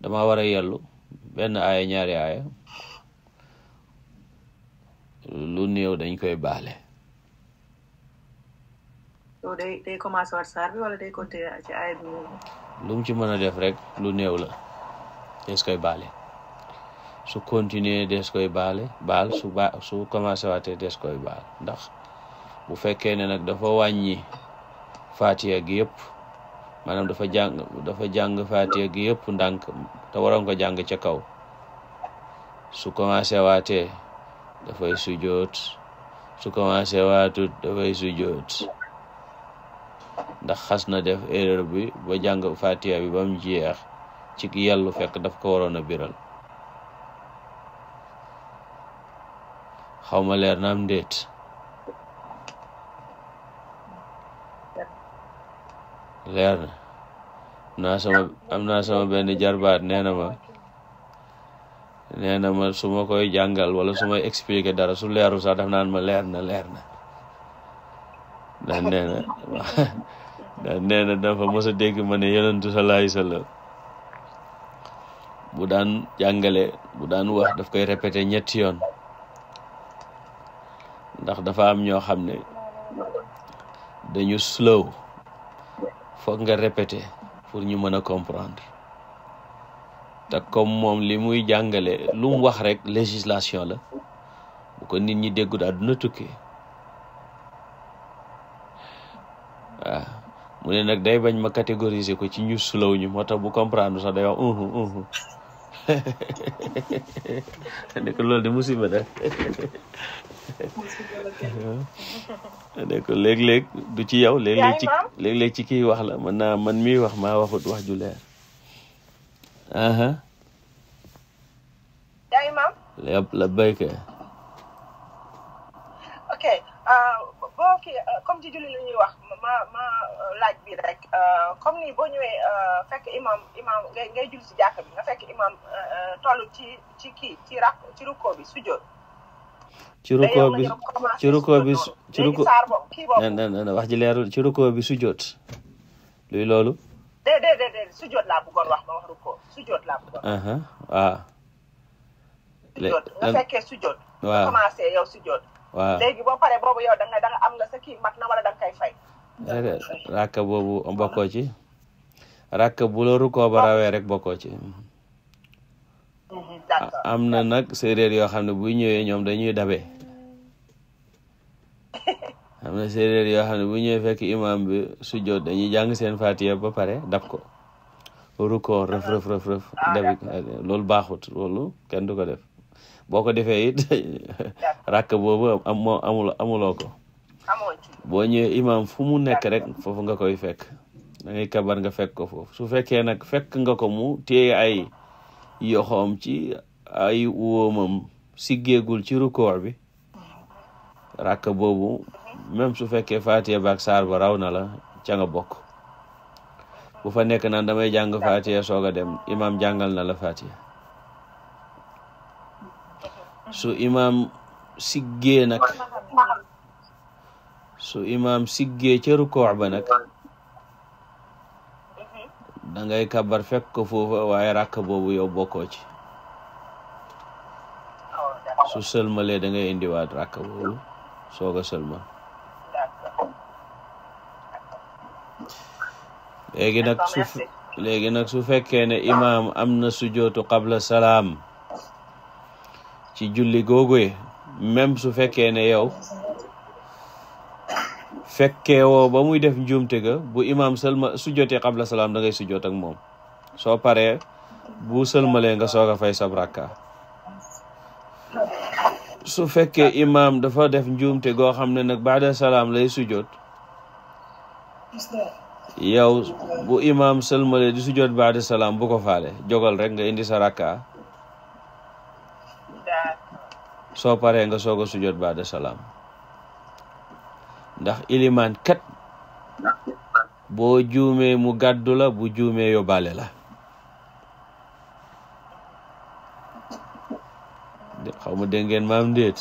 [SPEAKER 2] dama war a yellu benn aaya ñaari aaya lu néew dañ koy baale.
[SPEAKER 1] so day day commencé waat ci lu
[SPEAKER 2] mu mën a def rek lu néew la des koy baale su continuer des koy baale baal su ba su commencé waatee des koy baal ndax bu fekkee ne nag dafa wàññi faatiya gi yëpp maanaam dafa jàng dafa jàng faatiya yëpp ndànk te waroon ko jàng ca kaw su commencé waatee. dafay sujoot su commencé waatut dafay sujoot ndax xas na def erreur bi ba jàng fatiha bi ba mu jeex ci yàllu fekk daf ko waroon a biral xaw ma leer na am leer na am naa sama am naa sama jarbaat nee na ma nee na ma su ma koy jàngal wala su may expliquer dara su leeru sax daf naan ma leer na leer na ndax nee na ndax nee dafa mos a dégg ma ne yonentu sallallahu alayhi wasallam bu daan jàngale bu daan wax daf koy répéter ñetti yoon ndax dafa am ñoo xam ne dañu slow foog nga répéter pour ñu mën a comprendre te comme moom li muy jàngale lu mu wax rek législation la bu ko nit ñi déggul àdduna tukki waaw ah, mu ne nag day bañ ma catégoriser ko ci ñu sulaw ñu moo tax bu comprendre sax day wax uhu uhu ne ko loolu de musiba da ne ko léeg-léeg ci yow léeg ci léeg wax la man naa man miy wax ma waxut wax ju aha yep euh, euh, la béykat.
[SPEAKER 1] ci julli li ñuy wax ma ma euh, bi rek comme ni boo ñëwee fekk imam imam ngay ngay julli bi nga fekk imam toll ci ci kii ci rak ci rukkoo bi
[SPEAKER 2] ci rukkoo bi ci rukkoo ci rukkoo
[SPEAKER 1] wax
[SPEAKER 2] ji ci rukkoo bi sujjóot luy loolu.
[SPEAKER 1] déedéet déedéet sujjóot laa bëggoon wax ma wax rukkoo sujjóot laa bëggoon.
[SPEAKER 2] waaw. sujjoot boobu yow rakka boobu bokkoo ci rakka bu la rukkoo ba rawee rek bokkoo ci mhm, am na nag séeréer yoo xam ne bu ñëwee ñoom dañuy dabe am na séeréer yoo xam ne bu ñëwee fekk imam bi sujjoot dañuy jàng seen fatiya ba pare dab ko rukkoo rëf rëf rëf ah, loolu baaxut loolu kenn du ko def boo ko defee it rakk boobu am amul amuloo ko boo ñëwee imam fu mu nekk rek foofu nga koy fekk dangay kebar nga fekk ko foofu su fekkee nag fekk nga ko mu téye ay yoxoom ci ay wóomam siggeegul ci rukoor bi rakk boobu même su fekkee Fatiha baak saar ba raw na la ca nga bokk bu fa nekk nan damay jàng Fatiha soog dem imam jàngal na la Fatiha su imaam siggee nag su imaam siggee ca rukoox ba nag dangay kabar fekk ko foofu waaye ràkk boobu yow bokkoo ci su sëlmalee da ngay indiwaat ràkk boobu soog a sëlmal léegi nag su léegi nag su fekkee ne imaam am na sujootu qabla salaam ci julli googu même su fekkee ne yow fekkee woo ba muy def njuumte ga bu imaam sëlma su jotee xabla salaam da ngay sujjoot ak moom soo paree bu sëlmalee nga soog a fay sab rakka su fekkee imaam dafa def njuumte goo xam ne nag baada salaam lay sujjoot yow bu imaam sëlmalee di sujjoot baada salaam bu ko faale jogal rek nga indi sa rakka soo paree nga soog a sujjoot ba da salaam ndax ilimaan kat boo juumee mu gàddu la bu juumee yóbbaale la xaw ma dégg ngeen maam ndéet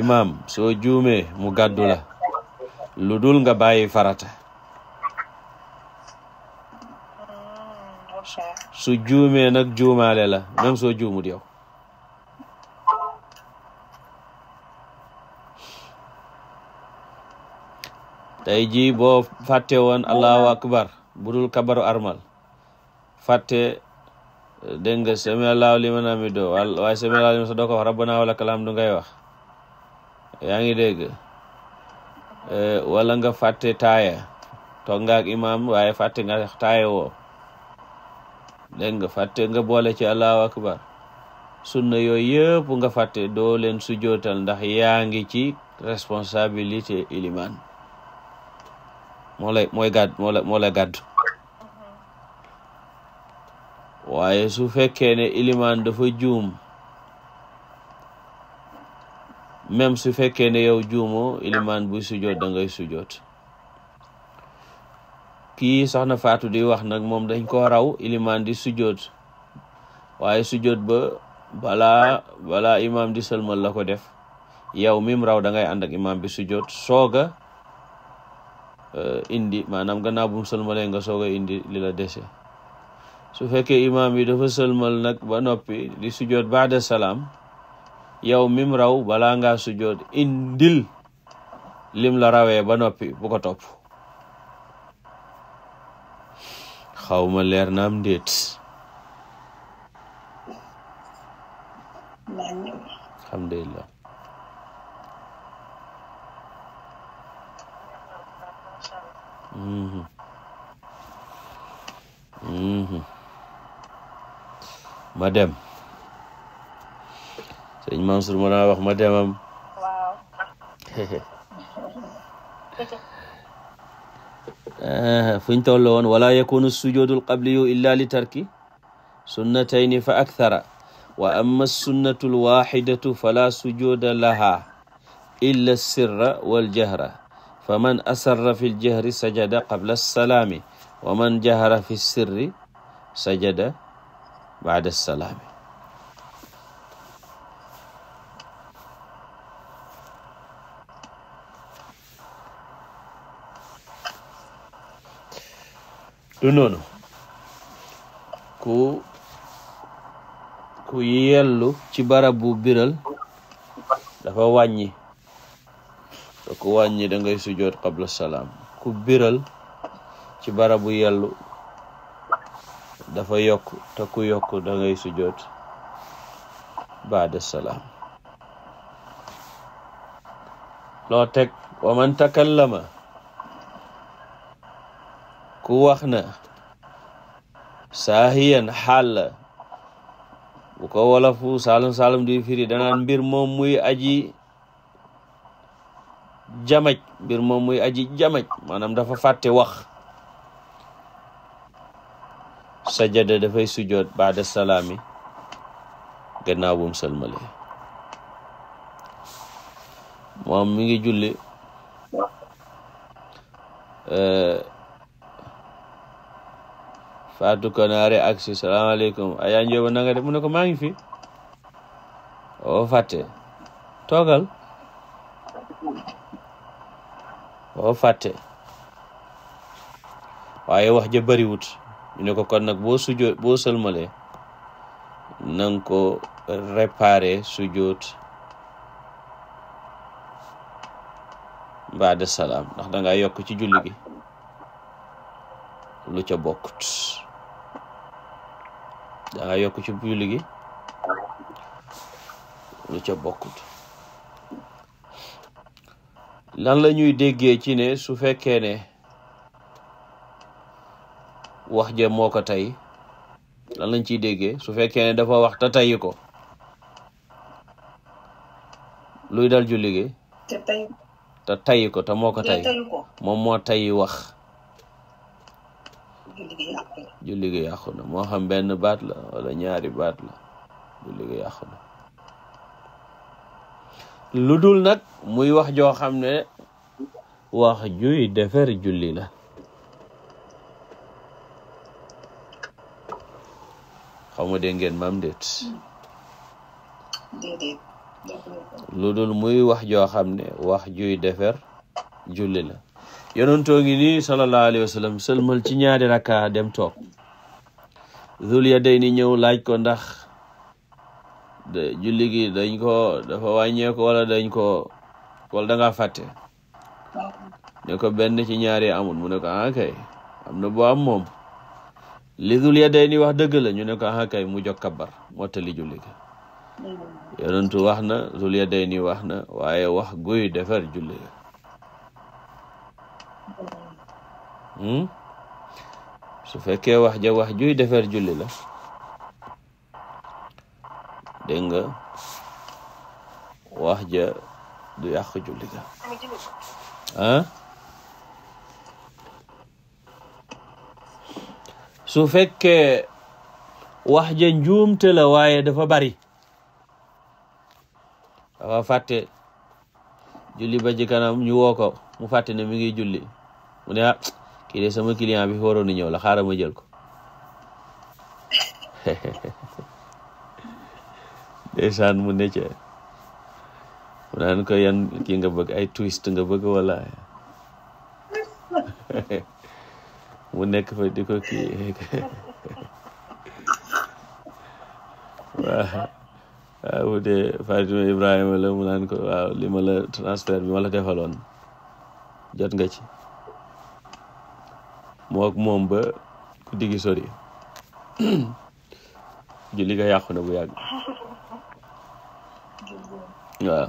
[SPEAKER 2] imaam soo juumee mu gàddu la lu dul nga bàyyi farata mm, su juumee nag juumale la même soo juumut yow tey jii boo fàtte woon allahu akbar budul kabaru armal fàtte dégg nga sami allahu liman hamido waaye sami allahu liman sa doo ko wax rabbana wa lakal hamdu ngay wax yaa ngi dégg eh, wala nga fàtte taaya toog nga ak waaye fàtte nga taaya woo dégg nga fàtte nga boole ci allahu akbar sunna yooyu yëpp nga fàtte doo leen ndax yaa ngi ci responsabilité iliman moo lay mooy gàdd moo la gàdd waaye su fekkee ne ilimaan dafa juum même su fekkee ne yow juumoo ilimaan buy sujoot dangay ngay sujoot kii soxna Faatu di wax nag moom dañ ko raw ilimaan di sujoot waaye sujoot ba balaa balaa imaam di sëlmal la ko def yow mim raw dangay ngay ànd ak imaam bi sujoot sooga Eh, indi maanaam gannaaw bu mu nga soog indi lila la dese su fekkee imaam bi dafa sëlmal nag ba noppi di sujoot baada salaam yow mim raw balaa nga sujoot indil lim la rawee ba noppi bu ko topp xaw ma leer naam ndéet alhamdulillah Mm-hmm. Mm-hmm. ma dem sëñ Mansour mën naa wax ma demam. waaw. Eh, fuñ toll woon wala yakunu sujudul qabliyu illa li tarki sunnatayni fa akthara wa amma sunnatul wahidatu fala sujuda laha illa sirra wal jahra faman asarra fi ljahri sajada qabla salaami wa man jahara fi sirri sajada baada salaami du noonu ku ku yellu ci barab bu biral dafa wàññi soo ko wàññi da ngay sujoot salaam ku biral ci barabu yàllu dafa yokk te ku yokk da ngay sujoot baada salaam loo teg wa man takallama ku wax saa saahiyan xaal la bu ko wolofu saalum saalum di firi danaan mbir moom muy aji jamaj mbir moom muy aji jamaj maanaam dafa fàtte wax sajada dafay sujoot baada salaami gannaaw bum salmale moom mi ngi julli eh, Fatou Konaare aksi salaamaaleykum ayaa njóoba na nga mu ne ko maa ngi fi o oh, fàtte toogal koo fàtte waaye wax ja bariwut ñu ne ko kon nag boo sujjoot boo sëlmalee nang ko réparer sujjoot baada salaam ndax danga ngaa yokk ci julli gi lu ca bokkut da ngaa yokk ci julli gi lu ca bokkut lan la ñuy déggee ci ne su fekkee ne wax ja moo ko tey lan lañ ciy déggee su fekkee ne dafa wax te tey ko luy dal ju liggéey te tey ko te moo ko tey moom moo tey wax julli gi moo xam benn baat la wala ñaari baat la julli gi lu dul nag muy wax joo xam ne wax juy defar julli la xam nga dégg ngeen maam déet lu muy wax joo xam ne wax juy defar julli la yonentoo gi nii sallallahu alayhi wa sallam sëlmal ci ñaari rakka dem toog zul day ni ñëw laaj ko ndax julli gi dañ ko dafa wàññeeku wala dañ ko wala da ngaa fàtte ko benn ci ñaari amul mu ne ko ah kay am na boo am moom li dul day ni wax dëgg la ñu ne ko ah kay mu jog kabar mottali julli gi yonentu wax na dul day ni wax na waaye wax guy defar julli gi hmm? su fekkee wax ja wax juy defar julli la dégg nga wax ja du yàq julli ga ah su fekke wax ja njuumte waaye dafa bari dafa fàtte julli ba ci kanam ñu ko mu fàtte ne mi ngi julli mu ne ah kii de sama client bi fi waroon na ñëw la xaaral ma jël ko ndeysaan mu ne ca mu kii nga bëgg ay twist nga bëgg wala mu nekk fa di ko kii waaw waaw bu dee Fatima la mu naan ko waaw la transfert bi wala defaloon jot nga ci moo ak moom ba ku diggi sori julli nga yàqu na bu yàgg waaw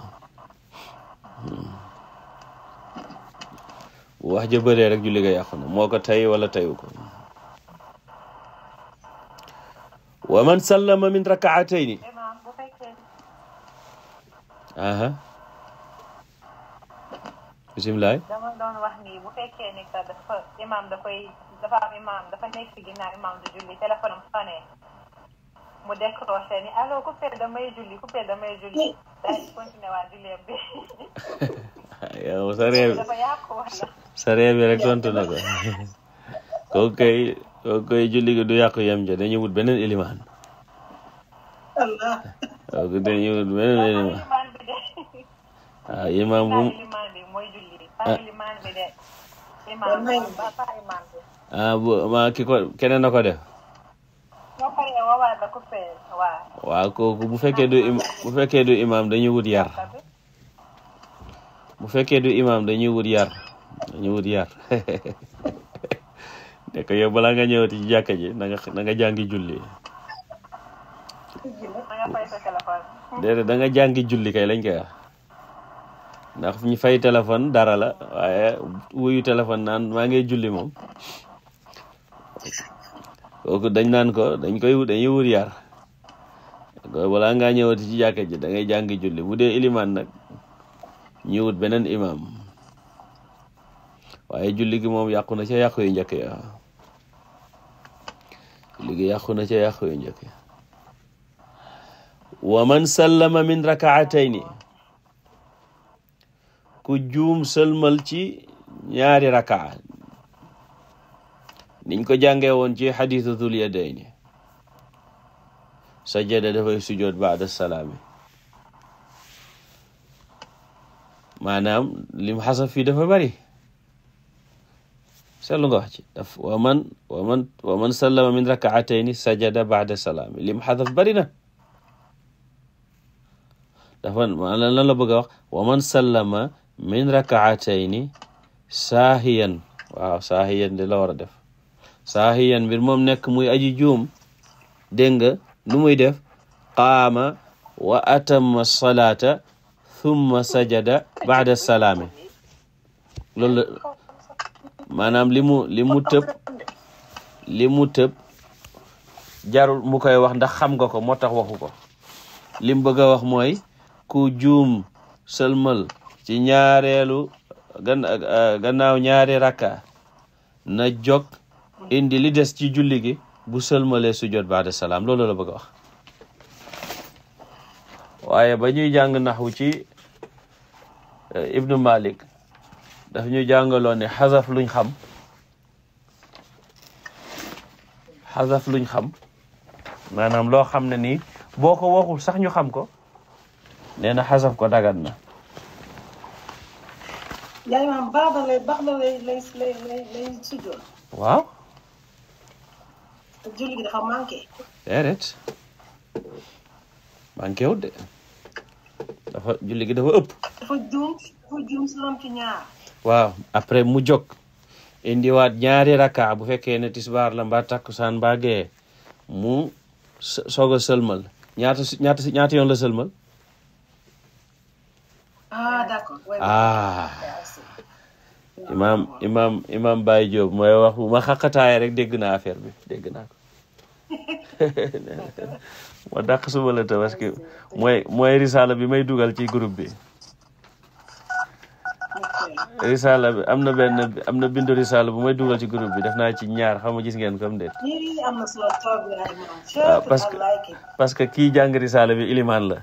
[SPEAKER 2] hmm. wax ja bëree rek julli ga yàqu na moo ko tay wala tayu ko wa man sallama min rakaatayni aha bisimilaay
[SPEAKER 1] dama doon wax ni bu fekkee ni dafa imam da koy dafa am imam dafa nekk ginnaaw imam du julli téléphone am sonné mu décroché ni allo coupé damay julli coupé julli daal di continué waa julli bi.
[SPEAKER 2] yow sa réew sa bi rek tontu na kooku koy julli du yàqu yem ja dañuy wut wut beneen ilimaan. imaam bu ah bu ma ki ko keneen na ko def. waaw kooku bu fekkee du im bu imaam dañuy wut yar bu fekkee du imam dañuy wut yar dañuy wut yar ne ko yow balaa nga ñëwati ci jàkka ji na jàngi julli. déedéet da nga jàngi julli kay lañ koy wax ndax ñu fay téléphone dara la waaye wuyu téléphone naan maa ngi julli moom. kooku dañ naan ko dañ koy dañuy wër yar balaa ngaa ñëwati ci jàkka ji da ngay jàngi julli bu dee ilimaan nag ñu wut beneen imaam waaye julli gi moom yàqu na ci yàqu yu njëkk ya na ca yàqu yu njëkk ya wa man sallama min rakaatayni ku juum sëlmal ci ñaari rakaa niñ ko jàngee woon ci xadiisatul yadayni sajada dafay sujood baada salaami maanaam lim xasaf fii dafa bari seetlu nga wax ci daf wa man wa man min rakaatayni sajada baada salaami lim xasaf bari na dafa maanaam la bëgg a wax wa man sallama min rakaatayni saahiyan saahiyan de la war a def saahiyan mbir moom nekk muy aji juum dégg nga lu muy def qaama wa atamma salaata thumma sajada baada salaami loolu la maanaam li mu li mu tëb li tëb jarul mu koy wax ndax xam nga ko moo tax waxu ko lim mu bëgg a wax mooy ku juum sëlmal ci ñaareelu gannaaw ñaari rakka na jok indi li des ci julli gi bu sëlmalee sujjoot baada salaam loolu la bëgg wax waaye ba ñuy jàng naxwu ci eh, ibnu malik daf ñuy jàngaloon ne xasaf luñ xam xasaf luñ xam maanaam loo xam ne nii boo ko waxul sax ñu xam ko nee na xasaf ko dagat na waaw
[SPEAKER 1] te julli gi dafa manqué.
[SPEAKER 2] déedéet manqué wut de dafa julli gi dafa ëpp. waaw après mu jóg indiwaat ñaari raka bu fekkee ne tisbaar la mbaa takkusaan mbaa mu soog a sëlmal ñaata si ñaata si la sëlmal. ah. imaam imaam imaam Baye mooy wax ma xaqataay rek dégg naa affaire bi dégg naa ko ma dàq suba la tabaski mooy mooy bi may dugal ci groupe bi risala bi am na benn am na bindu risala bu may dugal ci groupe bi def naa ci ñaar xam nga gis ngeen comme déet ah, parce que parce que kii jàng risala bi ilimaan la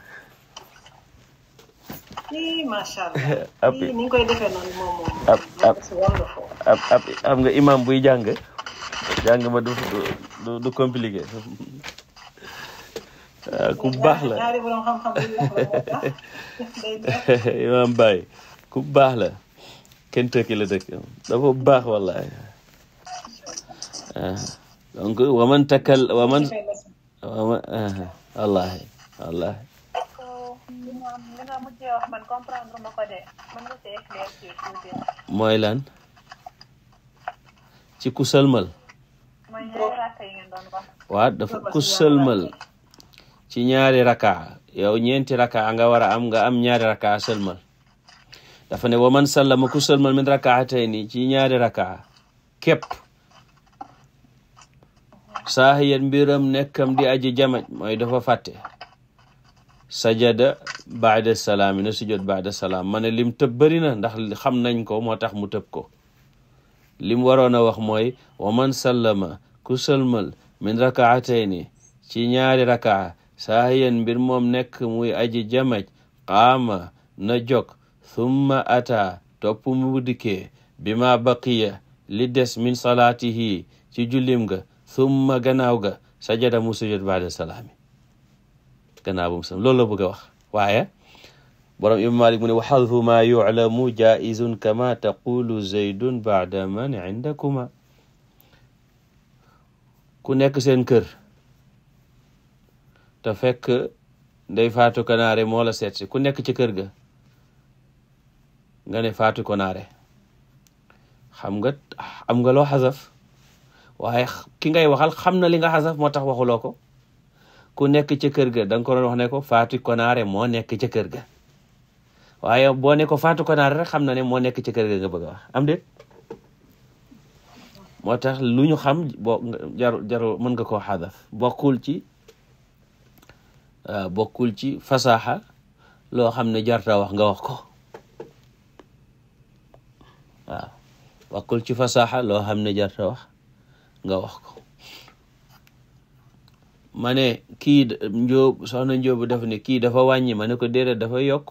[SPEAKER 1] macha allah ab ni koy defee noonu moom moom.
[SPEAKER 2] ab ab xam nga imam buy jàng jàng ma du du du compliqué. Ah, ku baax la
[SPEAKER 1] ah.
[SPEAKER 2] imam Baye ku baax la Kentucky la dëkk dafa baax wallahi ah, donc wallahi wallahi moom mooy lan. ci ku sëlmal.
[SPEAKER 3] mooy ñaari
[SPEAKER 2] ku sëlmal. ci ñaari raka yow ñeenti rakka nga war am nga am ñaari rakka sëlmal. dafa ne wa man sallama ku sëlmal min rakaatayni ci ñaari rakka képp. saahiyan mbiram nekkam di aji jamaaj mooy dafa fàtte. sajada baada salaami na sujjoot baada salaam ma lim tëb bëri na ndax xam nañ ko moo tax mu tëb ko lim waroon a wax mooy wa man sallama ku sëlmal min rakaatayni ci ñaari rakaa saahiyan mbir moom nekk muy aji jamaj qaama na jog thumma ata topp mu dikkee bi ma baqiya li des min salaatihi ci jullim ga thumma gannaaw ga sajada mu sujjoot baada salaami gannaaw bu mu sëlmal loolu la bëgg a wax waaye borom imam malik mu ne wa xadfu maa yuclamu jaizun kama taqulu zaydun baada man indakuma ku nekk seen kër te fekk ndey faatu konaare moo seet ku nekk ci kër ga nga ne faatu konaare xam nga am nga loo xasaf waaye ki ngay waxal xam na li nga xasaf moo tax waxuloo ko ku nekk ca kër ga da nga ko doon wax ne ko faatu konaare moo nekk ca kër ga waaye boo ne ko faatu konaare rek xam na ne moo nekk ca kër ga nga bëgg a wax am déet moo tax lu ñu xam jaru mën nga ko xadaf bokkul ci euh, bokkul ci fasaxa loo xam ne jarta wax nga wax ko waaw bokkul ci fasaxa loo xam ne jarta wax nga wax ko ma kii njóob soxna njóobu daf ne kii dafa wàññi ma ne ko déedéet dafa yokk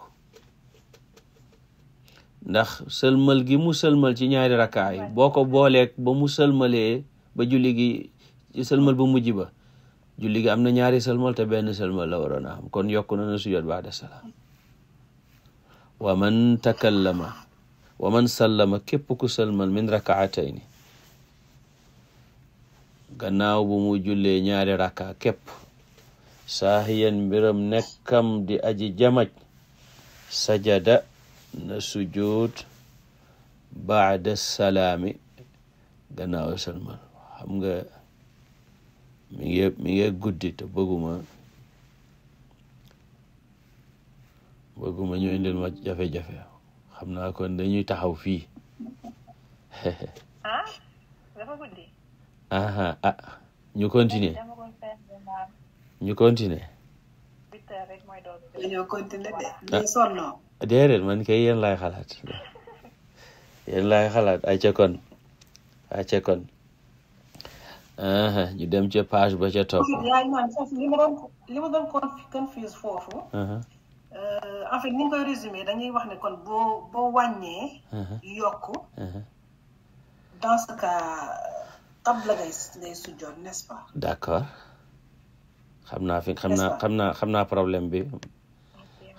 [SPEAKER 2] ndax sëlmal gi mu sëlmal ci ñaari rakkaay boo ko booleeg ba mu sëlmalee ba julli gi ci sëlmal ba mujj ba julli gi am na ñaari sëlmal te benn sëlmal la waroon am kon yokk na na sujjoot baada salaam wa man takallama wa man sallama képp ku sëlmal min rakaatayni gannaaw bu mu jullee ñaari rakka képp saahiyan mbiram nekkam di aji jamaj sajada na sujuud baada salaami gannaaw salman xam nga mi ngi mi ngi guddi te bëgguma bëgguma ñu indil ma jafe-jafe xam naa kon dañuy taxaw fii ah, aha ah ñu continuer ñu continuer déedéet man kay yéen laay xalaat yéen laay xalaat ayca kon ayca kon ñu dem ca page ba ca topp
[SPEAKER 1] li ma confuse foofu euh, en fait ni nga koy résumé dañuy wax ne kon boo boo yokk dans qabla ngay
[SPEAKER 2] d'accord xam naa fi xam naa xam naa xam naa problème bi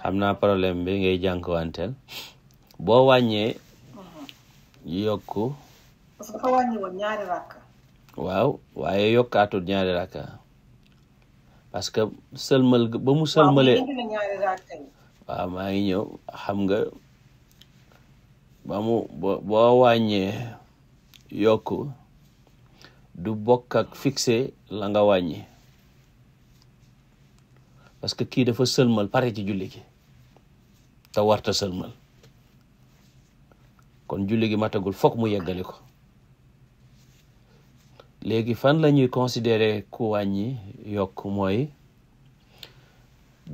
[SPEAKER 2] xam naa problème bi ngay jànkuwanteel boo wàññee. Mm-hmm. yokku. waaw waaye yokkaatul ñaari rakk parce que sëlmal ba mu sëlmalee. waaw maa ngi ñëw xam nga ba mu boo wàññee yokku. du bokk ak langa wàññi parce que kii dafa sëlmal pare ci julli gi te warta sëlmal kon julli gi matagul fokk mu yeggali ko léegi fan lañuy ñuy ku wàññi yokk mooy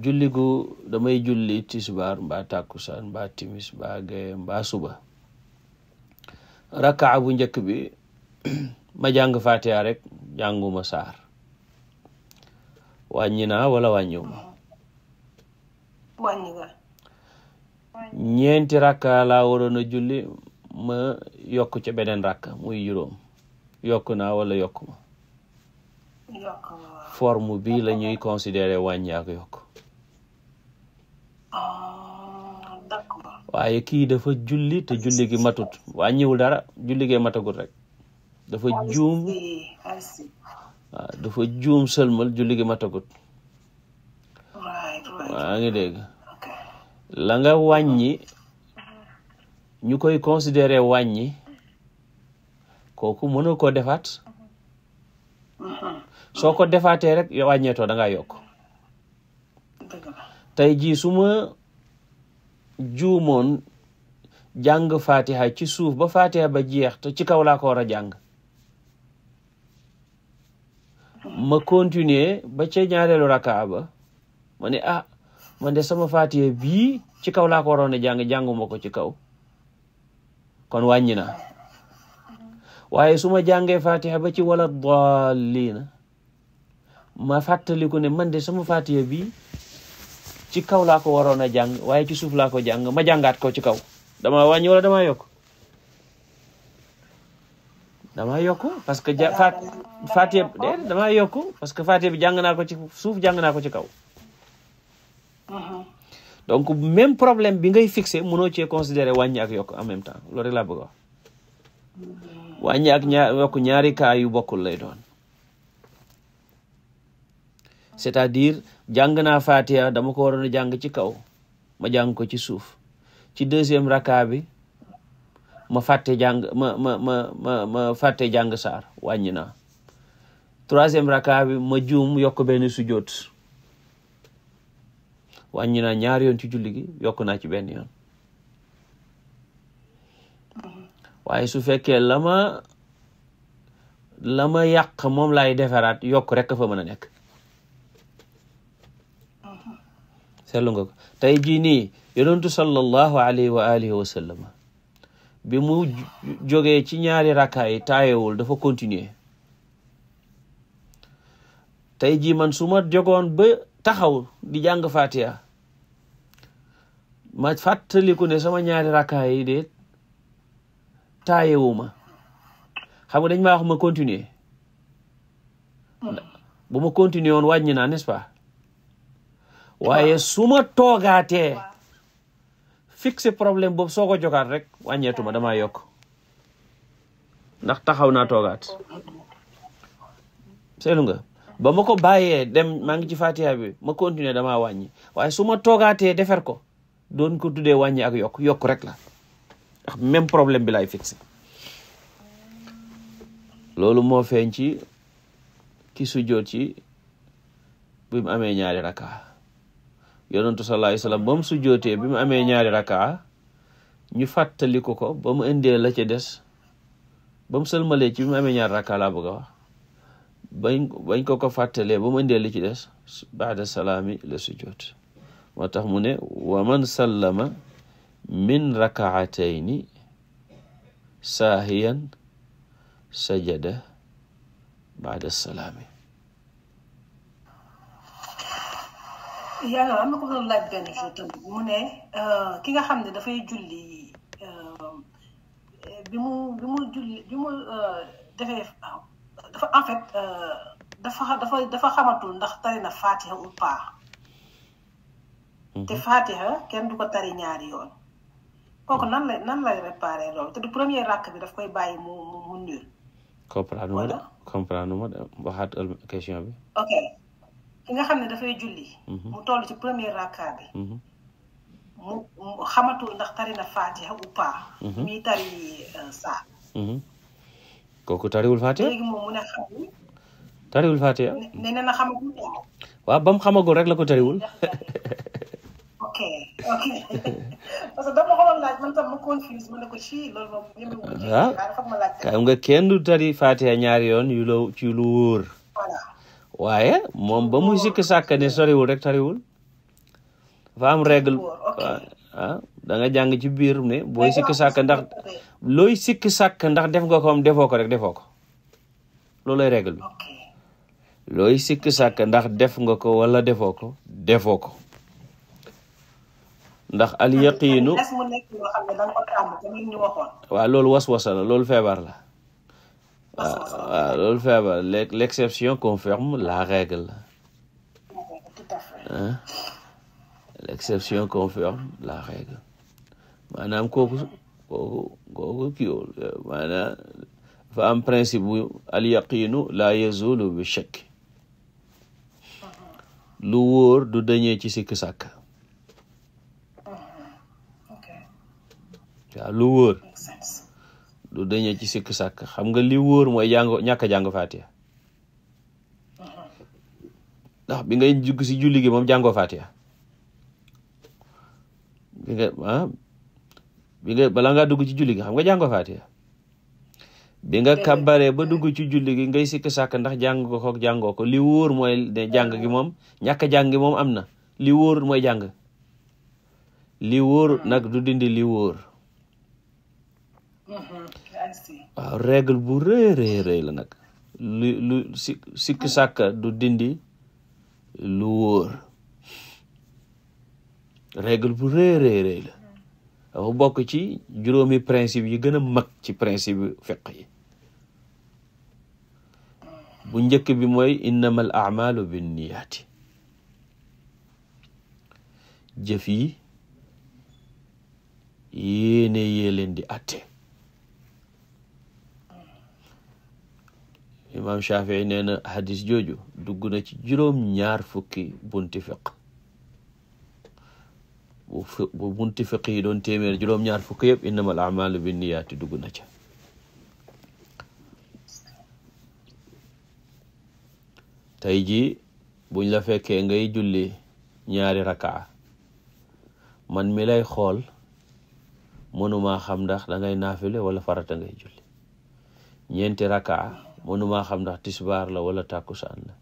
[SPEAKER 2] julli gu damay julli tisbaar mbaa tàkkusaan mbaa timis mbaa gaye mbaa suba rakaa bu njëkk bi ma jàng fatiha rek jànguma saar wàññi naa wala wàññiwuma ñeenti rakka laa waroon a julli ma yokk ca beneen rakka muy juróom yokk na wala yokk ma forme bi la ñuy considérer wàññi ak yokk ah, waaye kii dafa julli te julli gi matut wàññiwul dara julli gee matagut rek dafa juum dafa juum sëlmal julli gi matagut waa ngi dégg la nga wàññi ñu koy considere wàññi kooku mënoo koo defaat mm-hmm. soo ko defaatee rek wàññeetoo da ngaa yokk tey jii su ma juumoon jàng fatiha ci suuf ba fatiha ba jeex te ci kaw laa ko war a jàng ma continuer ba ca ñaareelu rakka ba ma ne ah ma de sama faatiye bii ci kaw laa ko waroon a jàng jànguma ko ci kaw kon wàññi na waaye su ma jàngee faatiha ba ci wala dallina ma fàttaliku ne man de sama faatiya bi ci kaw laa ko waroon a jàng waaye ci suuf laa ko jàng ma jàngaat ko ci kaw dama wàññi wala dama yokk dama yokk parce que ja faat faatiya déedéet damaa parce que faatiya bi jàng naa ko ci suuf jàng naa ko ci kaw uh-huh. donc même problème bi ngay fixé mënoo cee considéré wàññi yokk en même temps loolu rek laa bëgg a wax uh-huh. wàññi ak yokk ñaari cas yu bokkul lay doon c'est-à-dire jàng naa faatiya dama ko waroon a jàng ci kaw ma jàng ko ci suuf ci deuxième raka bi ma fàtte jàng ma ma ma ma ma fàtte saar wàññi naa troisième raka bi ma juum yokk benn sujjóot wàññi naa ñaari yoon ci julli yokk naa ci benn yoon waaye su fekkee lama ma la ma yàq moom laay defaraat yokk rek fa mën a nekk seetlu nga ko tey jii nii yonentu sallallahu alayhi wa alihi wa sallam bi mu jógee ci ñaari rakkaa yi taayewul dafa continuer tey jii man su ma jogoon ba taxaw di jàng fatiha ma fàttaliku ne sama ñaari rakkaa yi de taayewuma xam nga dañ maa ma continuer mm. bu ma continuer woon wàññi naa n'est-ce waaye su ma toogaatee fixé problème boobu soo ko jogaat rek wàññeetuma damaa yokk ndax taxaw naa toogaat seenu nga ba ma ko bàyyee dem maa ngi ci fatiha bi ma continuer damaa wàññi waaye suma ma toogaatee defer ko doon ko tuddee wàññi ak yokk yokk rek la ndax même problème bi laay fixé loolu moo feeñ ci ki su ci bi amee ñaari raka yonentu sallallahu alayhi wasallam ba mu su jootee bi mu amee ñaari rakaa ñu fàttaliku ko ba mu indee la ca des ba mu sëlmalee ci bi mu amee ñaari rakaa laa bëgg a wax bañ bañ ko ko fàttalee ba mu indee la ci des baada salaami la sujjoot moo tax mu ne wa man sallama min rakaatayni saahiyan sajada baada salaami
[SPEAKER 1] yàlla am na ko doon laaj benn jour tamit mu euh, ki nga xam ne dafay julli euh, bi mu bi mu julli bi mu euh, defee dafa en fait dafa dafa xamatul ndax tari na Fatiha ou pas. Mhm. te Fatiha kenn du ko tari ñaari yoon. kooku nan lay nan lay réparé loolu te du premier rakk bi daf koy bàyyi mu mu mu nul.
[SPEAKER 2] comprendre de comprendre ma de waxaat question bi.
[SPEAKER 1] ok. ki nga xam ne dafay julli. Mhm. mu toll ci premier rakka bi. Mhm. mu xamatul ndax tari na Fatiha ou pas. muy mhm. tari saa.
[SPEAKER 2] Euh, kooku tariwul Fatiha. léegi
[SPEAKER 1] moom mu ne xam ni.
[SPEAKER 2] tariwul Fatiha.
[SPEAKER 1] nee na xamagul waaw.
[SPEAKER 2] waaw ba mu xamagul rek la ko tariwul.
[SPEAKER 1] ok ok parce que dama ko laaj man tam ma confuse ma ne ko ci loolu moom ñebe ah.
[SPEAKER 2] nga kenn du tari Fatiha ñaari yoon yu la ci lu wóor. waaye moom ba muy sikk sàkk ne soriwul rek soriwul dafa am danga ah, jàng ci biir ne booy sikk sàkk ndax looy sikki sàkk ndax def nga ko defoo ko rek defoo ko loolay règle bi looy sikk sàkk ndax def nga ko wala defoo ko defoo ko ndax al yaqiinu waaw loolu was-wasa la loolu feebar la Ah, ah, loolu feebar l'exception confirme la règle ah kooku kooku kooku kiiwul maanaam principe bu al yaqinu la yazulu bi shakk lu wóor du dañee ci sikk sàkk mm-hmm. waaw lu wóor du dañee ci sikk sàkk xam nga li wóor mooy jàng ñàkk a jàng ndax bi ngay jugg si julli gi moom jàngoo faatiha nga ah, dugg ci julli gi xam nga jàngoo bi nga kàbbaree ba dugg ci julli ngay sikk sàkk ndax jàng jàngoo ko li wóor jàng gi moom ñàkk a moom am na li wóor mooy jàng li wóor nag du dindi li wóor waaw règle bu rëy la nag lu sikk sàkka du dindi lu wóor règle bu rëy la dafa bokk ci juróomi principe yi gën a mag ci principe fiq yi bu njëkk bi mooy innama al amalu binniyaati jëf yi yéene yee leen imaam Shafii nee na xadis jooju dugg na ci juróom ñaar fukki bunti fiq bunti fiq yi doon téeméer juróom ñaar fukki yëpp innamal a'maalu binniyaati dugg na ca tey jii buñ la fekkee ngay julli ñaari raka man mi lay xool mënumaa xam ndax da ngay naafile wala farata ngay julli ñeenti rakaa mënumaa xam ndax tisbaar la wala tàkkusaan la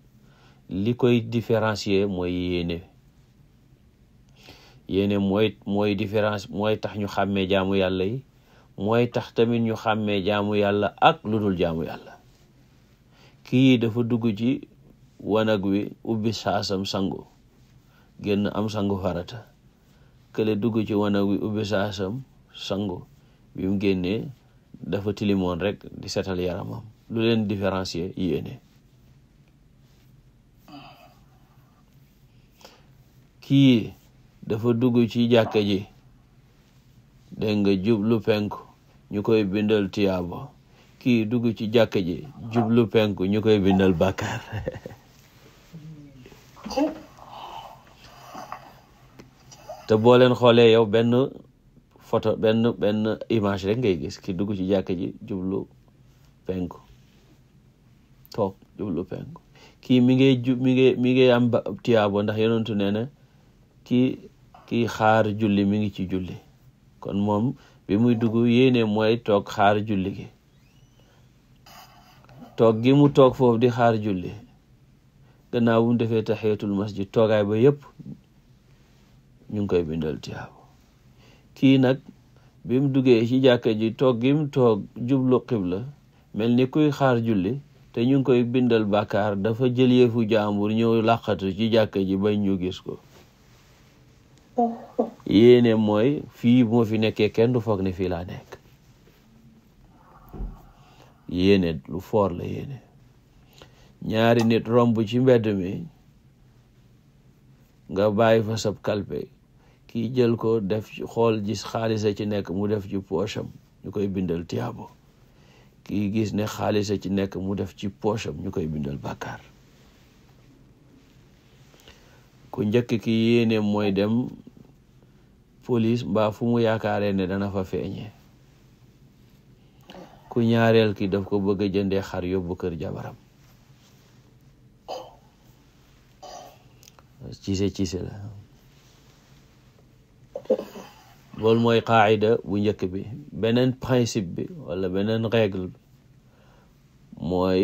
[SPEAKER 2] li koy différencier mooy yéene yéene mooy mooy différence mooy tax ñu xàmmee jaamu yàlla yi mooy tax tamit ñu xàmmee jaamu yàlla ak lu dul jaamu yàlla kii dafa dugg ci wanag wi ubbi saasam sangu génn am sangu farata kële dugg ci wanag wi ubbi saasam sangu bi mu génnee dafa tilimoon rek di setal yaramam lu leen différencier yéene kii dafa dugg ci jàkka ji dégg nga jublu penku ñu koy bindal tiyaabo kii dugg ci jàkka ji jublu penku ñu koy bindal bàkkaar te boo leen xoolee yow benn photo benn benn image rek ngay gis ki dugg ci jàkka ji jublu penku toog jublu penku kii mi ngay ju mi ngay mi ngay am tiyaabo ndax yonentu nee na ki ki xaar julli mi ngi ci julli kon moom bi muy dugg yéene mooy toog xaar julli gi toog gi mu toog foofu di xaar julli gannaaw bu mu defee taxiyatul masjid toogaay ba yépp ñu ngi koy bindal tiyaabo kii nag bi mu duggee ci jàkka ji toog gi mu toog jublu xibla mel ni kuy xaar julli te ñu ngi koy bindal bàkkaar dafa jël yëfu jaambur ñëw làqatu ci jàkka ji bañ ñu gis ko yéene mooy fii bu fi nekkee kenn du foog ni fii laa nekk yéene lu foor la yéene ñaari nit romb ci mbedd mi nga bàyyi fa sab kalpe ki jël ko def xool gis xaalisa ci nekk mu def ci poosam ñu koy bindal tiyaabo kii gis ne xaalis ci nekk mu def ci poche am ñu koy bindal bàkkaar ku njëkk ki yéene mooy dem police mbaa fu mu yaakaaree ne dana fa feeñee ku ñaareel ki daf ko bëgg a jëndee xar yóbbu kër jabaram cise cise la loolu mooy qaacida bu njëkk bi beneen principe bi wala beneen règle bi mooy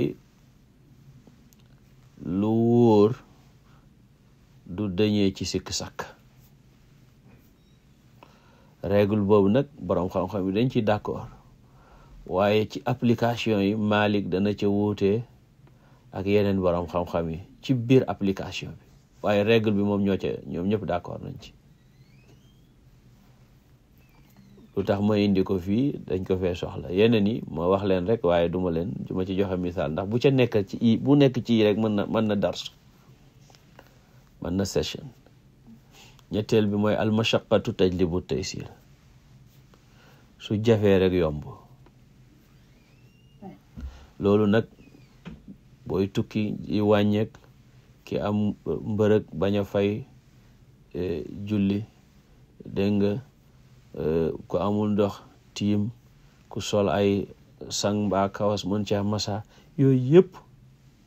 [SPEAKER 2] lu wóor du dañee ci sikk sàkk règle boobu nag boroom xam-xam yi dañ ci d'accord waaye ci application yi Malik dana ca wuute ak yeneen boroom xam-xam yi ci biir application bi waaye règle bi moom ñoo ca ñoom ñëpp d'accord nañ ci lu tax ma indi ko fii dañ ko fee soxla yeneen yi ma wax leen rek waaye duma leen ma ci joxe misaal ndax bu ca nekk ci i bu nekk ci rek mën na mën na dars mën na session ñetteel bi mooy almashaqatu tajlibu taysir su jafee rek yomb loolu nag booy tukki yi wàññeek ki am mbërëg bañ a fay eh, julli dégg nga Eh, ku amul ndox tiim ku sol ay sang mbaa kawas mën ci masa yooyu yëpp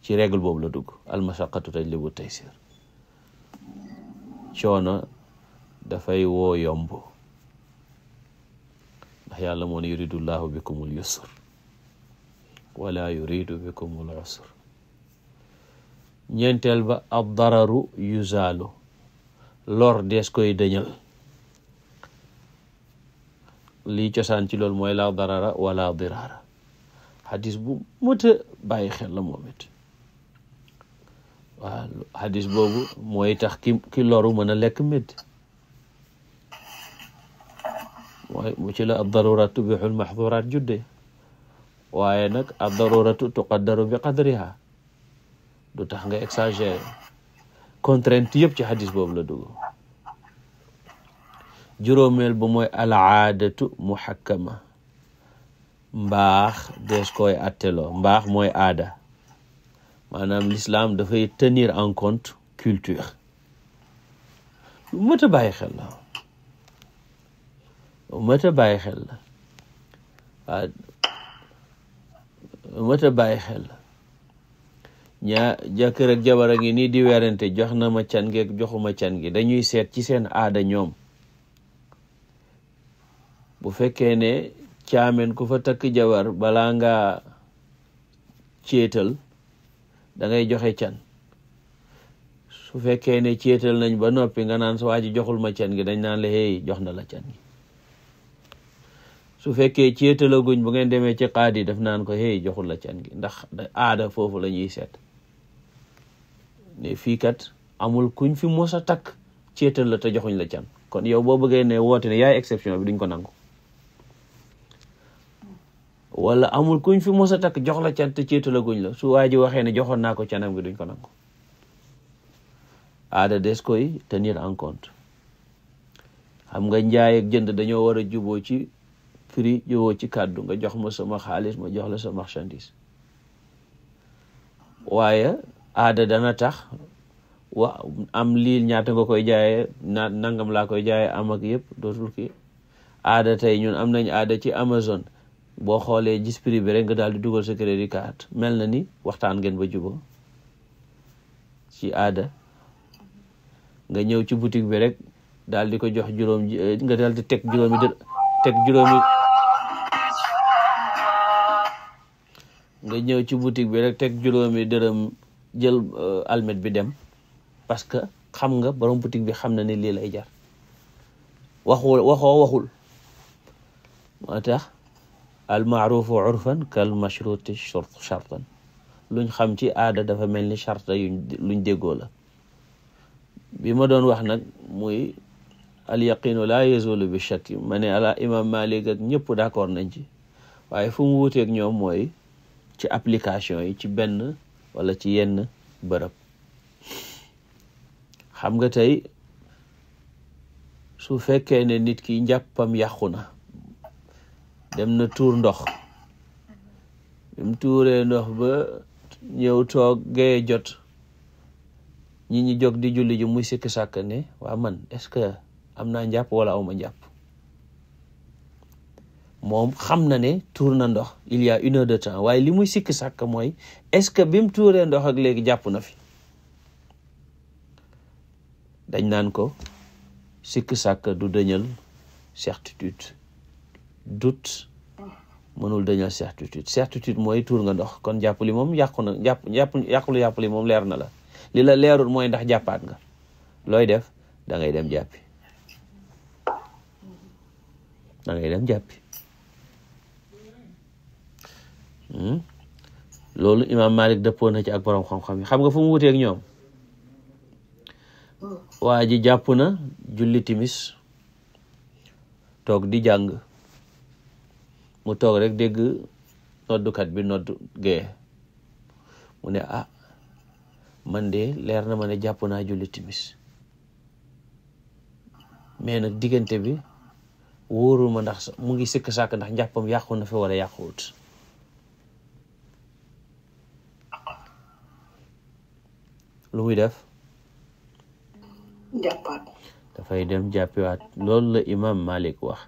[SPEAKER 2] ci règle boobu la dugg almasaqatu tajlibu taysir coono dafay woo yomb ndax yàlla moo ne yuridu llahu bikumul yusr wala yuridu bikumul usr ñeenteel ba ad dararu yuzaalu lor dees koy dëñal lii cosaan ci loolu mooy la darara wala dirara xadis bu mët a bàyyi xel la moom it waaw boobu mooy tax ki ki loru mën a lekk médd mooy mu ci la ad-darurat tubixul maxdurat judde waaye nag ad-daruratu tuqaddaru bi qadriha du tax nga exagéré contrainte yëpp ci xadis boobu la dugg juróomeel ba mooy alaadatu muhakkama mbaax des koy atteloo mbaax mooy aada maanaam lislaam dafay tenir en compte culture lu mët a bàyyi xel la lu mët bàyyi xel la waaw a ñaa jëkkër ak jabar a ngi nii di werante jox na ma can gi joxuma can gi dañuy seet ci seen aada ñoom bu fekkee ne caamen ku fa takk jabar balaa nga céetal dangay joxe can su fekkee ne céetal nañ ba noppi nga naan sa waa ji joxul ma can gi dañ naan la hey jox na la can gi su fekkee céetalaguñ bu ngeen demee ci xaadi daf naan ko hey joxul la can gi ndax aada foofu la ñuy seet ne fii kat amul kuñ fi mos a takk céetal la te joxuñ la can kon yow boo bëggee ne woote ne yaay exception bi duñ ko nangu wala amul kuñ fi mos a takk jox la can te ceetala guñ la su waa ji waxee ne joxoon naa ko canam gi duñ ko nangu aada des koy tenir en compte xam nga njaay jënd dañoo war a juboo ci prix juboo ci kàddu nga jox ma sama xaalis ma jox la sa marchandise waaye aada dana tax wa am lii ñaata nga koy jaayee na nangam laa koy jaaye amak yëpp dootul kii aada tey ñun am nañ aada ci Amazon boo xoolee gis prix bi rek nga daal di dugal sa crédit card mel na ni waxtaan ngeen ba juboo ci aada nga ñëw ci boutique bi rek daal di ko jox juróom eh, nga daal di teg juróomi juróomi nga ñëw ci boutique bi teg juróomi dërëm jël eh, almet bi dem parce que xam nga borom boutique bi xam na ni lii lay jar waxul waxoo waxul moo tax almaarufu urfan kal mashruti shartan luñ xam ci aada dafa mel ni sharta luñ déggoo la bi ma doon wax nag muy alyaqinu laa yazulu bi shakki ma ne ala imam malik ak ñëpp d'accord nañ ci waaye fu mu wuuteeg ñoom mooy ci application yi ci benn wala ci yenn bërëb xam nga tey su fekkee ne nit ki njàppam yàqu na dem na tuur ndox dem tuuree ndox ba ñëw toog jot ñi ñi jóg di julli ji muy sikk sàkk ne waa man est-ce que am naa njàpp wala awma njàpp moom xam na ne tuur na ndox il y a une heure de temps waaye li muy sikk sàkk mooy est-ce bi mu tuuree ndox ak léegi jàpp na fi dañ naan ko sikk sàkk du dëñal certitude doute mënul dañoo certitude certitude mooy tuur nga ndox kon jàpp li moom yàqu na jàpp jàpp yàqulu jàppali moom leer na la li la leerul mooy ndax jàppaat nga looy def dangay dem jàppi da ngay dem jàppi hmm? loolu imaam Malik dëppoo na ci ak borom xam-xam yi xam nga fu mu wuteeg ñoom oh. waa ji jàpp na julli timis toog di jàng mu toog rek dégg noddukat bi nodd gee mu ne ah man de leer na ma ne jàpp naa julli timis mais nag diggante bi wóorul ma ndax mu ngi sikk sàkk ndax njàppam yàqu na war a yàquwut lu muy def jàppaat dafay dem jàppiwaat loolu la imam Malik wax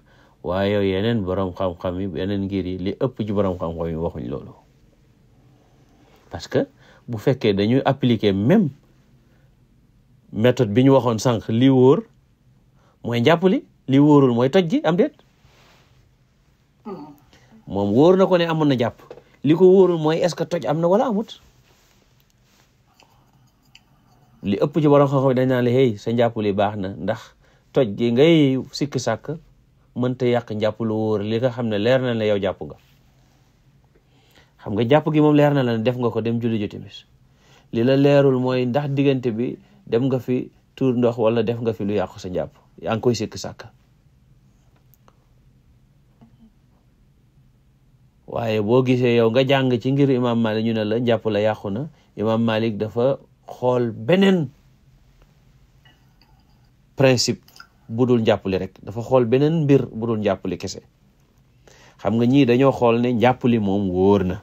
[SPEAKER 2] waaye yeneen borom xam-xam yi yeneen ngir yi li ëpp ci borom xam-xam yi waxuñ loolu parce que bu fekkee dañuy appliquer même méthode bi ñu waxoon sànq li wóor mooy njàppali li wóorul mooy toj gi am moom wóor na ko ne amoon na jàpp li ko wóorul mooy est-ce que toj am na wala amut li ëpp ci borom xam-xam yi dañ naan la hey sa njàppali baax na ndax toj gi ngay sikk sàkk mënta yàq njàpp lu wóor li nga xam ne leer na la yow jàpp nga xam nga jàpp gi moom leer na la ne def nga ko dem julli ju timis li la leerul mooy ndax diggante bi dem nga fi tu ndox wala def nga fi lu yàqu sa njàpp yaa ngi koy sikk sàkk waaye boo gisee yow nga jàng ci ngir imam malik ñu ne la njàpp la yàqu na imam malik dafa xool beneen principe bu dul njàppali rek dafa xool beneen mbir bu dul njàppali kese xam nga ñii dañoo xool ne njàppali moom wóor na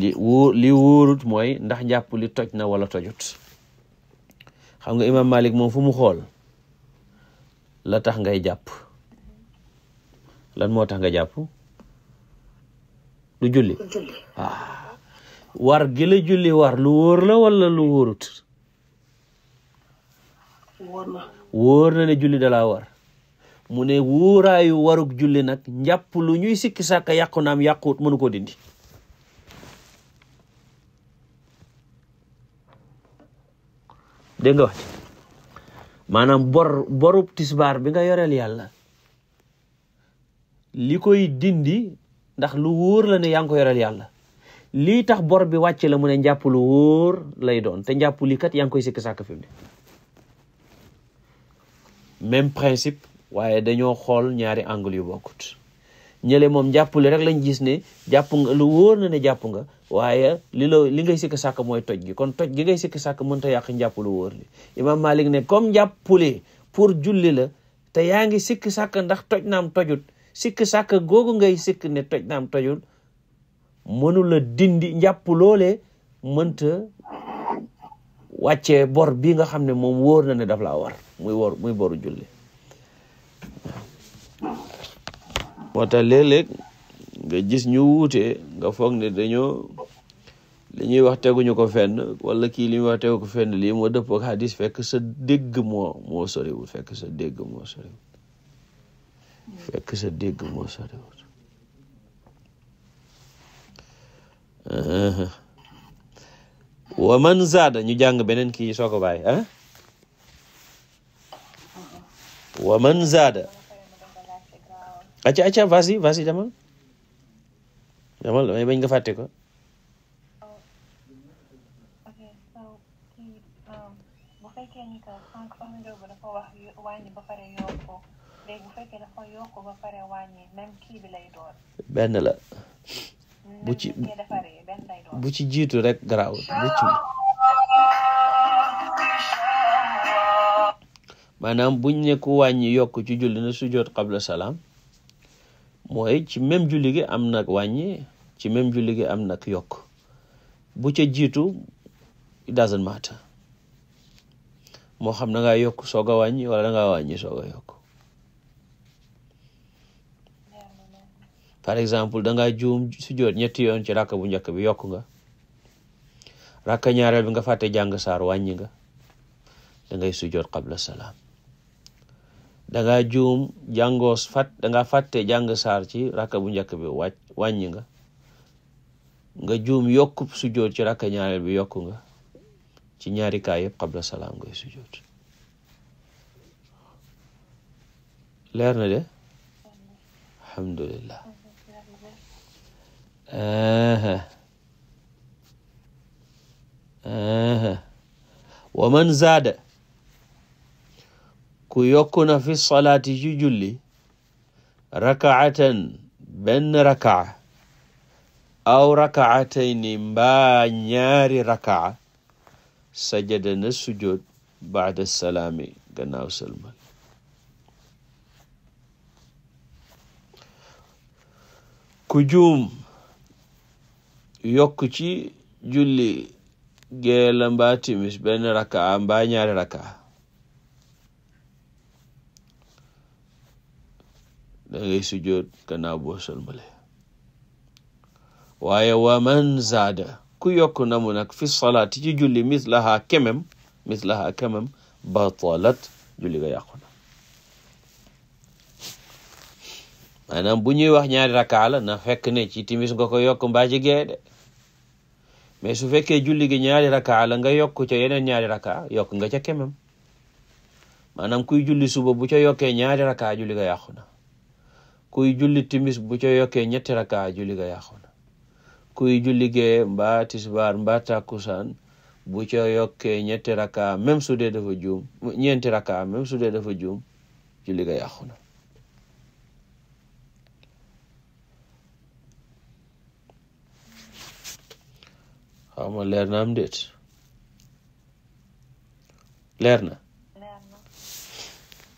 [SPEAKER 2] li wóor mooy ndax li toj na wala tojut xam nga imaam Malik moom fu mu xool la tax ngay jàpp lan moo tax nga jàpp lu julli ah. war gi la julli war lu wóor la wala lu wóorut wóor na ne julli dalaa war mu ne wóoraayu warug julli nag njàpp lu ñuy sikki sàkka yàqu naam yàquut mënu koo dindi dégg nga wax maanaam bor borub tisbaar bi nga yoreel yàlla li koy dindi ndax lu wóor la ne yaa ngi ko yoreel yàlla lii tax bor bi wàcc la mu ne njàpp lu wóor lay doon te njàpp li kat yaa koy sikki sàkk fi mu ne même principe waaye dañoo xool ñaari angle yu bokkut ñële moom jàppale rek lañ gis ne jàpp nga lu wóor na ne jàpp nga waaye li la li ngay sikk sàkk mooy toj gi kon toj gi ngay sikk sàkk mënta yàq njàpp lu wóor li imaam Malik ne comme jàppule pour julli la te yaa ngi sikk sàkk ndax toj naam tojut sikk sàkk googu ngay sikk ne toj naam tojul mënul la dindi njàpp loolee mënta wàccee bor bi nga xam ne moom wóor na ne daf laa war muy wor muy boru julli moo tax léeg nga gis ñu wuute nga foog ne dañoo li ñuy wax teguñu ko fenn wala kii li ñuy wax tegu ko fenn lii moo dëpp ak fekk sa dégg moo moo soriwul fekk sa dégg moo soriwul wa man zaada ñu jàng beneen kii soo ko bàyyi wa man zaada acca acca vas-y vas-y demal demal damay bañ nga fàtte ko oh, um, benn la bu ci bu ci jiitu rek garaaw bu ci maanaam buñ ne ku wàññi yokk ci julli na sujjoot qabla salaam mooy ci même julli gi am nag wàññi ci même julli gi am nag yokk bu ci jiitu it doesn't matter moo xam na ngaa yokk soog a wàññi wala da ngaa wàññi soog yokk par exemple da ngaa juum sujjoot ñetti yoon ci rakk bu njëkk bi yokk nga rakk ñaareel bi nga fàtte jàng saar wàññi nga da ngay sujjoot qabla salaam danga juum jàngoos fat danga fàtte jàng saar ci rakka bu njëkk bi wàcc nga nga juum yokk sujjóot ci rakka ñaareel bi yokk nga ci ñaari kaay yëpp qabla salaam ngay sujjóot leer na de alhamdulillah wa man zaada ku yokk na fi salaati ci julli rakaatan benn rakaa aw rakaatayni mbaa ñaari rakaa sajada na sujood baada salaami gannaaw salmal ku juum yokk ci julli gee la mbaa timis benn rakaa mbaa ñaari rakaa da ngay sujjoot gannaaw boo sëlmale waaye wa zaada ku yokk na mu nag fi salaati ci julli mislaha kemem mislaha kemem batalat julli ga yàqu na bu ñuy wax ñaari rakkaa na fekk ne ci timis nga ko yokk mbaa gee de mais su fekkee julli gi ñaari rakkaa nga yokk ca yeneen ñaari rakkaa yokk nga ca kemem maanaam kuy julli suba bu ca yokkee ñaari rakkaa julli ga yàqu na kuy julli timis bu ca yokkee ñetti raka julli ga yàqu kuy julli gee mbaa tisbaar mbaa tàkkusaan bu ca yokkee ñetti raka même su dee dafa juum ñeenti raka même su dee dafa juum julli ga yàqu na ma leer na am leer na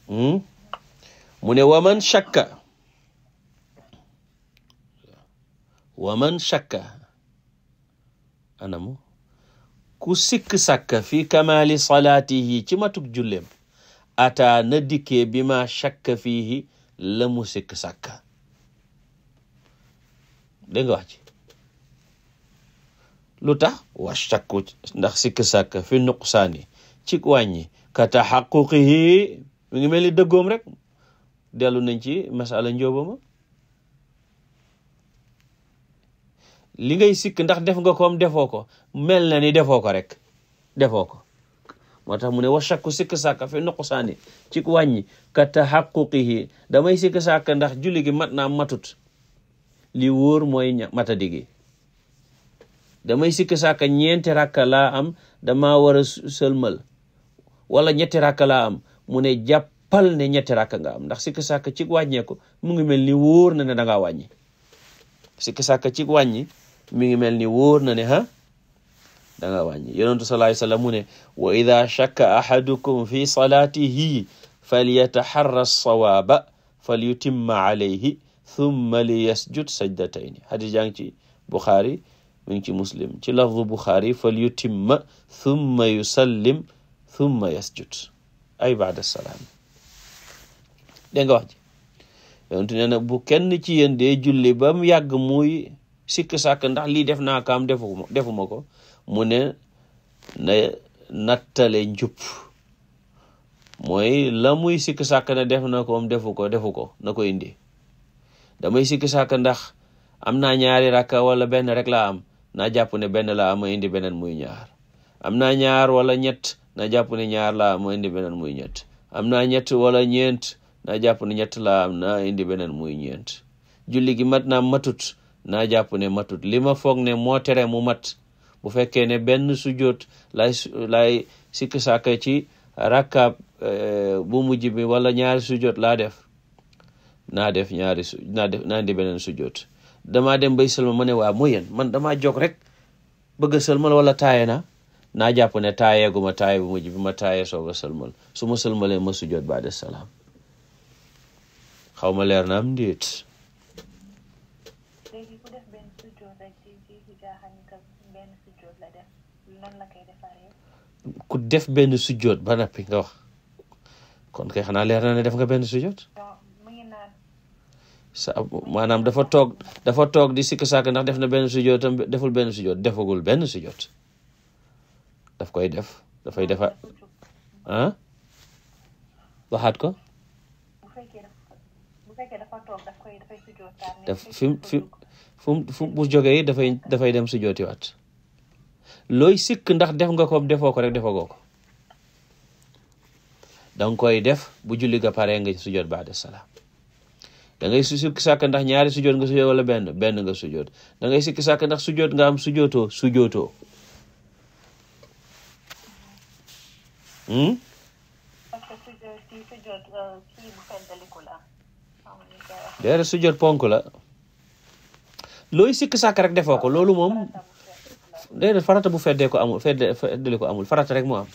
[SPEAKER 2] hmm? mu ne waman shakka wa man shakka anamu ku sikk-sàkka fi kamaali salaatihi ci matuk julleem ataa na dikkee bi ma shakka fiihi la mu sikk-sàkka dégg nga wax ci lu tax wa shakku ndax sikk-sàkka fi nuqsaani ci wàññi ka taxaquqihi mi ngi mel ni dëggoom rek dellu nañ ci masala njóobama li ngay sikk ndax def nga koom defoo ko mel na ni defoo ko rek defoo ko moo tax mu ne wa shakku sikk sàkka fi nuqsaani ci wàññi ka tahaqquqihi damay sikk sàkka ndax julli gi mat naa matut li wóor mooy matadi gi damay sikk sàkka ñeenti rakka laa am dama war a sëlmal walla ñetti rakka laa am mu ne jàppal ne ñetti rakka nga am ndax sikk sàkka ci wàññeeku mu ngi mel ni wóor na ne da ngaa wàññi sikk sàkka ci wàññi mi ngi mel ni wóor na ne ha da nga wàññi yonentu sallallahu alayhi wa sallam mu ne wa ida shakka ahadukum fi salatihi falyataharra sawaaba falyutimma alayhi thumma liyasjud sajdatayni hadis jaa ngi ci buxaari mi ngi ci muslim ci lafdu buxaari falyutimma thumma yusallim thumma yasjud ay baada salaam dégg nga wax ji yonentu nee na bu kenn ci yéen dee julli ba mu yàgg muy sikk sàkk ndax lii def naa kaam defuma defuma ko mu ne na nattale njub mooy la muy sikk sàkk def na koom defu ko defu ko na ko indi damay sikk sàkk ndax am naa ñaari rakka wala benn rek laa am naa jàpp ne benn laa am indi beneen muy ñaar am naa ñaar wala ñett naa jàpp ne ñaar laa am indi beneen muy ñett am naa ñett wala ñeent naa jàpp ne ñett am naa indi beneen muy ñeent julli gi mat naa matut naa jàpp ne matut li ma foog ne moo tere mu mat bu fekkee ne benn sujjoot lay lay sikk sàkk ci rakkaab eh, bu mujj bi wala ñaari sujjoot laa def naa def ñaari su def naa indi beneen sujjoot damaa dem bay sëlma ma ne waa mooy yéen man damaa jóg rek bëgg a sëlmal wala taaye na naa jàpp ne taayeegu ma taaye bu mujj bi ma taaye soog a sëlmal su ma sëlmalee ma sujjoot baada salaam xaw ma leer na am ku def benn sujjoot ba nappi nga wax kon kay xanaa leer na ne def nga benn sujjoot sa maanaam dafa toog dafa toog di sikk ndax def na benn sujjootam deful benn sujjoot defagul benn sujjoot daf koy def dafay defa ah waxaat ko daf fi fi fu fu bu jógee dafay dafay dem sujjootiwaat looy sikk ndax def nga ko defoo ko rek defagoo ko danga koy def bu julli ga pare nga sujjoot ba'da salaam da ngay sikk sàkk ndax ñaari sujjoot nga sujjoot wala benn benn nga sujjoot da ngay sikk sàkk ndax sujjoot nga am sujjootoo sujjootoo hmm? déedéet sujjoot ponk la looy sikk sàkk rek defoo ko loolu moom déedéet farata bu feddee ko amul feddali ko amul farata rek moo am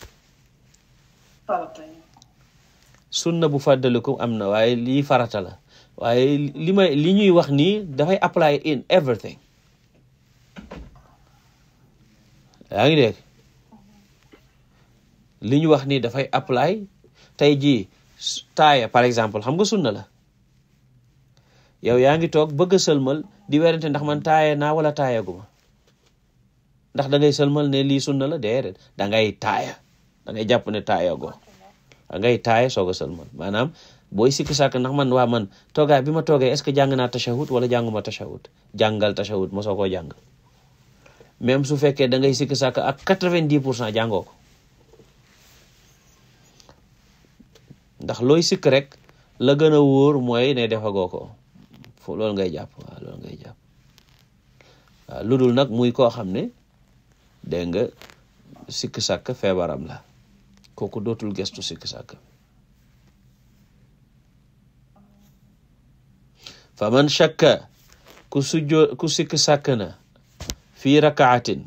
[SPEAKER 2] sunna bu fàddaliku am na waaye lii farata la waaye li may li ñuy wax nii dafay apply in everything yaa ngi dégg li ñu wax nii dafay apply tey jii taaya par exemple xam nga sunna la yow yaa ngi toog bëgga a sëlmal di werante ndax man taaya naa wala taaya guma ndax dangay ngay sëlmal ne lii na la déedéet da ngay taaya da ngay jàpp ne taaya go da ngay taaya soog a sëlmal maanaam booy sikki sàkk ndax man waa man toogaay bi ma toogee est-ce que jàng naa tashahud wala jànguma tashahud jàngal tashahud mosoo koo jàng même su fekkee da ngay sikki sàkk ak quatre-vingt-dix pour cent jàngoo ndax looy sikk rek la gën a wóor mooy ne defagoo ko fu loolu ngay jàpp waaw loolu lu dul nag muy koo xam ne dégg nga sikk sàkk feebaram la kooku dootul gestu sikk sàkk fa man shakka ku sikk sàkk na fii rakaatin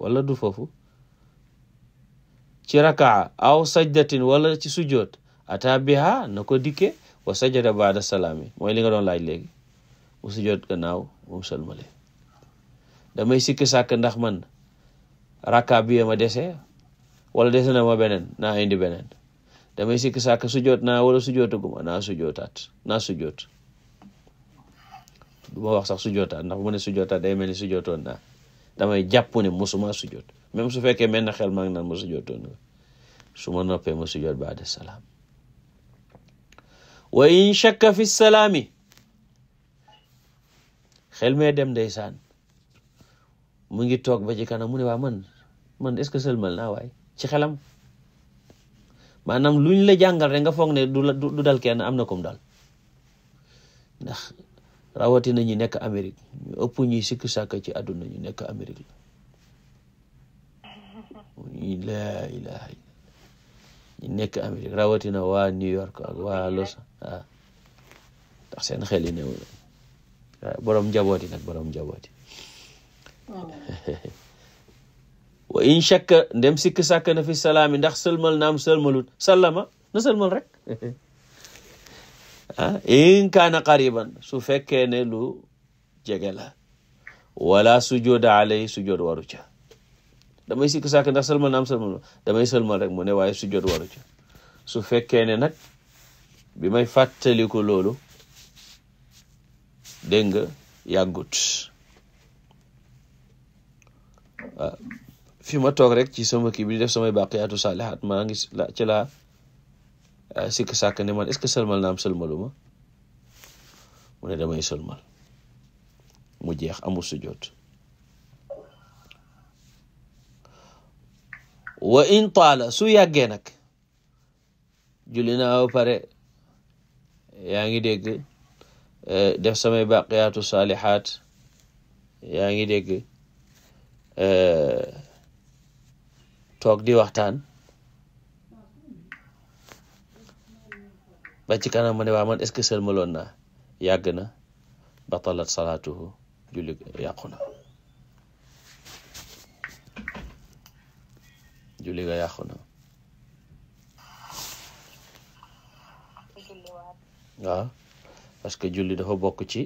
[SPEAKER 2] wala du foofu ci rakaa aw sajdatin wala ci sujjoot ata biha na ko dikke wa sajada baada salaami mooy li nga doon laaj léegi mu sujjoot gannaaw moom salmale damay sikk sàkk ndax man rakka bi ma dese wala dese na ma beneen naa indi beneen damay sikk sàkk sujoot naa wala sujootaguma naa sujootaat naa sujoot du ma wax sax sujootaat ndax bu ma ne sujootaat day mel ni sujootoon naa damay jàpp ne mosuma sujoot même su fekkee mel xel maa ngi naan ma sujootoon ma noppee ma sujoot ba de salaam wa in shakka fi salaami xel mee dem ndeysaan mu ngi toog ba ci kanam mu ne waa man man est-ce que sëlmal naa waay ci xelam maanaam luñ la jàngal rek nga foog ne du la du dal kenn am na kom dal ndax rawatina ñi nekk Amérique ñu ëpp ñuy sikk sàkk ci àdduna ñu nekk Amérique la laa ñu nekk Amérique rawatina waa New York ak waa Los ah. ndax seen xel yi néew borom njabooti nag borom njabooti wa in shakka ndem sikk sàkk na fi salaami ndax sëlmal naam sëlmalut sallama na sëlmal rek ah in kaana qariban su fekkee ne lu jege la wala sujuda alay sujud waru ca damay sikk sàkk ndax sëlmal naam sëlmalut damay sëlmal rek mu ne waaye sujud waru ca su fekkee ne nag bi may fàttaliku loolu dégg nga yàggut ah. fi ma toog rek ci sama kii bi def samay baaqiyaatu saalihaat maa ngi la ci laa ah, sikk sàkk ne man est ce que sëlmal mu ne damay sëlmal mu jeex amul sujjoot wa in taala su yàggee nag julli naa ba pare yaa ngi dégg eh, def samay baqiyaatu saalihaat yaa ngi dégg eh, toog di waxtaan ba ci kanam ma ne waa man est-ce naa yàgg na batalat salaatuhu julli yàqu na julli ga yàqu na waaw parce que julli dafa bokk ci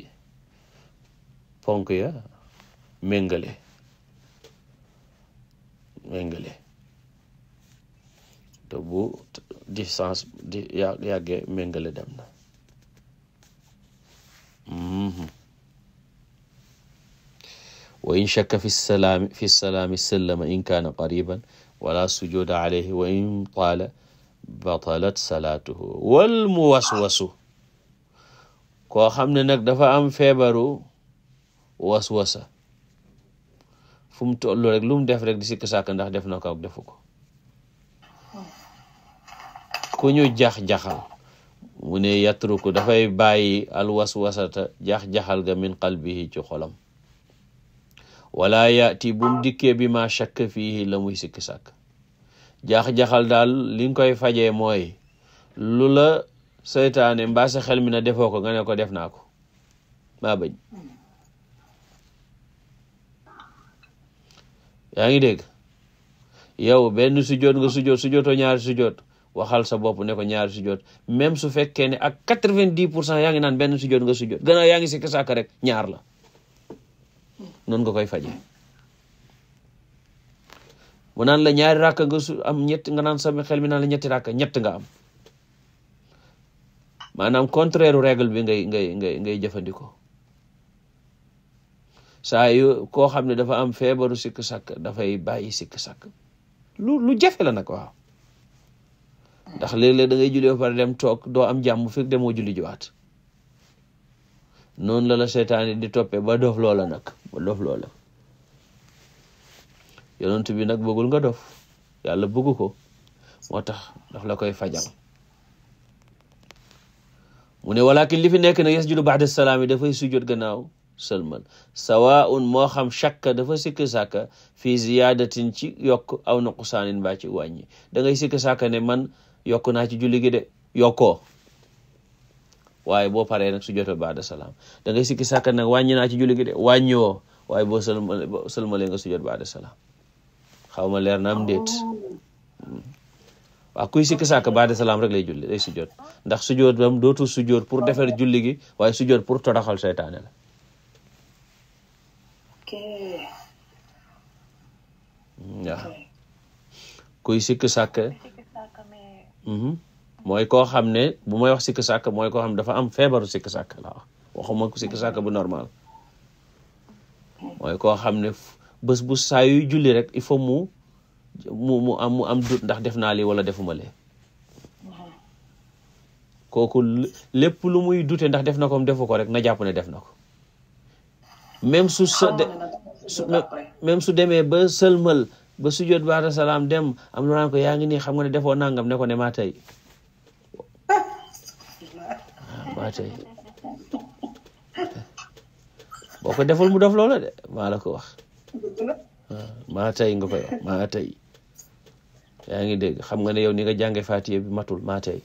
[SPEAKER 2] ponk ya méngale méngale te bu distance di yàggee méngale dem na mm-hmm. wa in shakka fi salaami fi in kaana qariban wala sujuuda alayhi wa in taala batalat wal mu waswasu koo xam ne nag dafa am feebaru waswasa fu mu toll lu mu def rek di sikk sàkk ndax def na ko ak ko ku ñu jax-jaxal mu ne yatruku dafay bàyyi alwaswasata jax-jaxal ga min qalbihi ci xolam wala yati bum dikkee bi ma shakk fiihi la muy sikki sàkk jax-jaxal daal li koy faje mooy lu la seytaane mbaa xel mi na defoo ko nga ko def naa ko yaa ngi dégg yow benn sujjoot nga sujjoot o ñaar sujjoot waxal sa bopp ne ñaari sujjoot même su fekkee ne ak quatre-vingt-dix pour cent yaa ngi naan benn sujjoot nga sujjoot gannaaw yaa ngi si rek ñaar la noonu nga koy faje mu naan la ñaari rakk nga su am ñett nga naan sama xel mi naan la ñetti ràkk ñett nga am maanaam contraire regle bi ngay ngay ngay ngay jëfandikoo saa yu koo xam ne dafa am feebaru sikk sàkk dafay bàyyi sikk sàkk lu lu la nag waaw ndax léeg-léeg da ngay julli ba pare dem toog doo am jàmm fekk demoo julli jiwaat noonu la la seytaane di toppee ba dof loola nag ba dof loola bi nag bëggul nga dof yàlla bëggu ko moo tax daf la koy fajal mu ne walakin li fi nekk nag yasjudu ba'da salaam yi dafay sujjoot gannaaw sëlmal sawaun moo xam shakka dafa sikk sàkka fii ziyaadatin ci yokk aw nuqsaanin mbaa ci wàññi da dangay sikk sàkka ne man yokk naa ci julli gi de yokkoo waaye boo paree nag su jotee baada salaam da ngay sikki sàkka nag wàññi naa ci julli gi de wàññiwoo waaye boo sëlmalee boo baada salaam xaw ma leer na am déet oh. hmm. waaw kuy sikki salaam rek lay julli day su jot ndax su jot dootu dootul su pour defar julli gi waaye su jot pour todaxal seytaane
[SPEAKER 3] hmm,
[SPEAKER 2] kuy sikki sàkk. Mm-hmm. mooy koo xam ne bu may wax sikk sàkk mooy koo xam ne dafa am feebaru sikk sàkk laa wax waxuma ko sikk sàkk bu normal mooy koo xam ne bés bu saa yuy julli rek il faut mu mu mu am mu am dut ndax def naa lii wala defuma lee kooku lépp lu muy dute ndax def na ko defu ko rek na jàpp ne def na ko même su su demee ba sëlmal ba sujjoot baata salaam dem am na naan ko yaa ngi nii xam nga ne defoo nangam ne ko ne maa tey ah, boo ko deful mu def loola de maa la ko wax ah, maa tey nga koy maa tey yaa ngi dégg xam nga ne yow ni nga jànge fatiye bi matul maa tey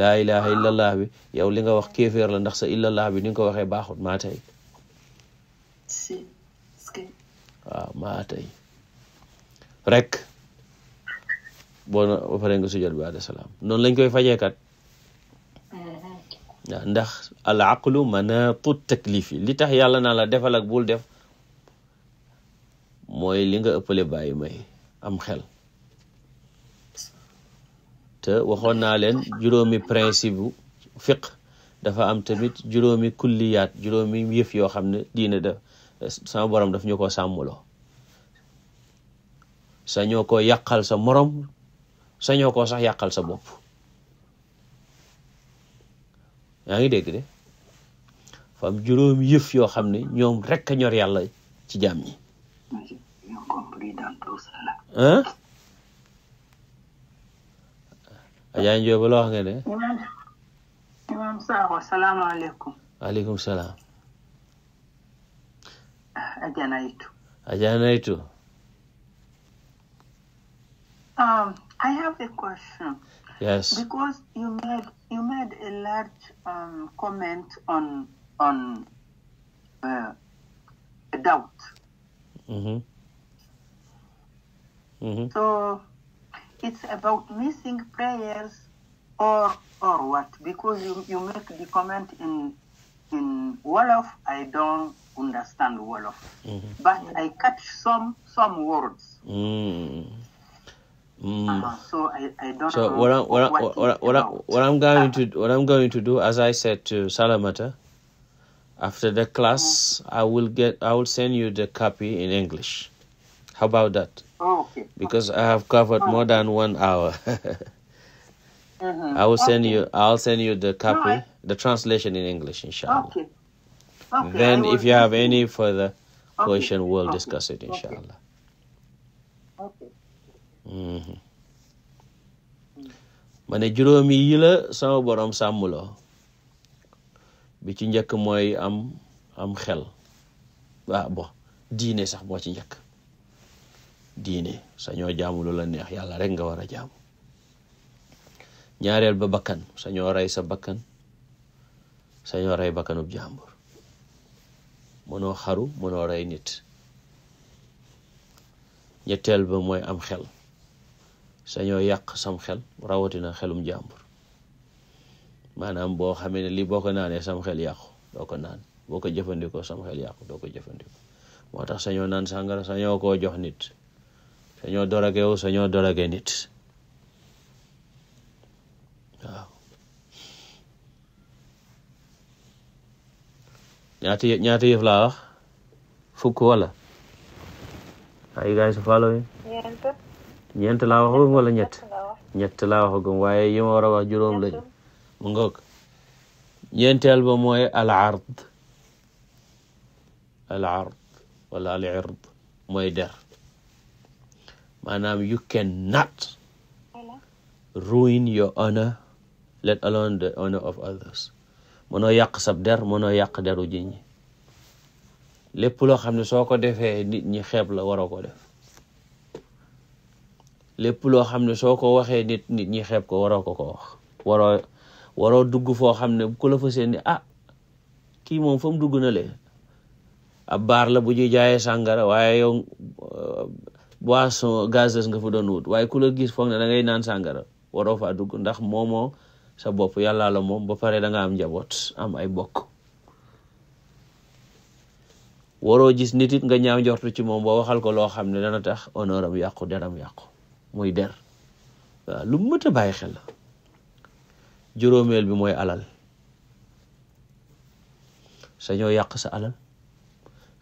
[SPEAKER 2] laa ilaha illallah bi yow li nga wax kéeféer la ndax sa illallah bi ni nga ko waxee baaxul maa tey ah, maa tey rek boo ba nga sujjoot bi alayhi salaam noonu lañ koy fajee kat waaw ndax al aqlu manaatu taklifi li tax yàlla naa la defal ak bul def mooy li nga ëppale bàyyi may am xel te waxoon naa leen juróomi principe bu fiq dafa am tamit juróomi kulliyaat juróomi yëf yoo xam ne diina da sama borom daf ñu ko sàmmuloo sañoo ko yàqal sa morom sañoo koo sax yàqal sa bopp yaa ngi dégg de fam juróom yëf yoo xam ne ñoom rekk a ñor yàlla ci jaam ñi ah ajaa njooba loo wax nga ne
[SPEAKER 1] imam Sakho salaamaaleykum
[SPEAKER 2] waaleykum salaam
[SPEAKER 1] ajanaytu ajanaytu Um, I have a question.
[SPEAKER 3] Because
[SPEAKER 1] you made a large um, comment on on uh, doubt.
[SPEAKER 3] Mm-hmm. Mm-hmm. So
[SPEAKER 1] it's about missing prayers or what? Because you, make the comment in in I don't understand Wolof, mm-hmm. but I catch some
[SPEAKER 3] words. Mm. Mm. Uh-huh. So I, I don't so know what, I'm, what, what, what, what,
[SPEAKER 2] uh-huh. I said to Salamata, after the class, uh-huh. I will send you the copy in English. How about that? Oh, Because I have covered more than one hour.
[SPEAKER 3] Mm-hmm. I will send
[SPEAKER 2] you. the translation in English, inshallah.
[SPEAKER 3] Okay. okay then, if you
[SPEAKER 2] have any further question, we'll discuss it, inshallah. Mm-hmm. ma ne juróomi yi la sama borom sàmmloo bi ci njëkk mooy am am xel waaw ah, bon diine sax moo ci njëkk diine sañoo jaamu lu la neex yàlla rek nga war a jaamu ñaareel ba bakkan sañoo rey sa bakkan sañoo rey bakkanub jàmbur mënoo xaru mënoo rey nit ñetteel ba mooy am xel sañoo yàq sam xel rawatina xelum jàmbur maanaam boo xamee ne lii boo ko naanee sam xel yàqu doo ko naan boo ko jëfandikoo sam xel yàqu doo ko jëfandikoo moo tax sañoo naan sàngara sañoo koo jox nit sañoo doragewu sañoo dorage nit waaw ñaata ñaata yëf laa wax fukk wala are you guys following ñeent laa waxagum ñett ñett laa waxagum waaye yi ma war a wax juróom lañ mu ngoog ñeenteel ba mooy al ard al ard mooy der maanaam you cannot ruin your honor let alone the honor of others mënoo yàq sab der mënoo yàq deru ji ñi lépp loo xam ne soo ko defee nit ñi xeeb la waroo ko def lépp loo xam ne soo ko waxee nit nit ñi xeeb ko waroo ko ko wax waroo waroo dugg foo xam ne bu ko fa seen ni ah kii moom fa dugg na le ab baar la bu ñuy jaayee sàngara waaye yow uh, boisson gazeuse nga fa doon wut waaye ku la gis foog ne da naan sàngara waroo faa dugg ndax moomoo sa bopp yàllaa la moom ba pare da am njaboot am ay bokk waroo gis nit nga ñaaw njortu ci moom ba waxal ko loo xam ne dana tax honneur am yàqu deram yàqu mooy der waaw lu mët a bàyyi xel la juróomeel bi mooy alal sañoo yàq sa alal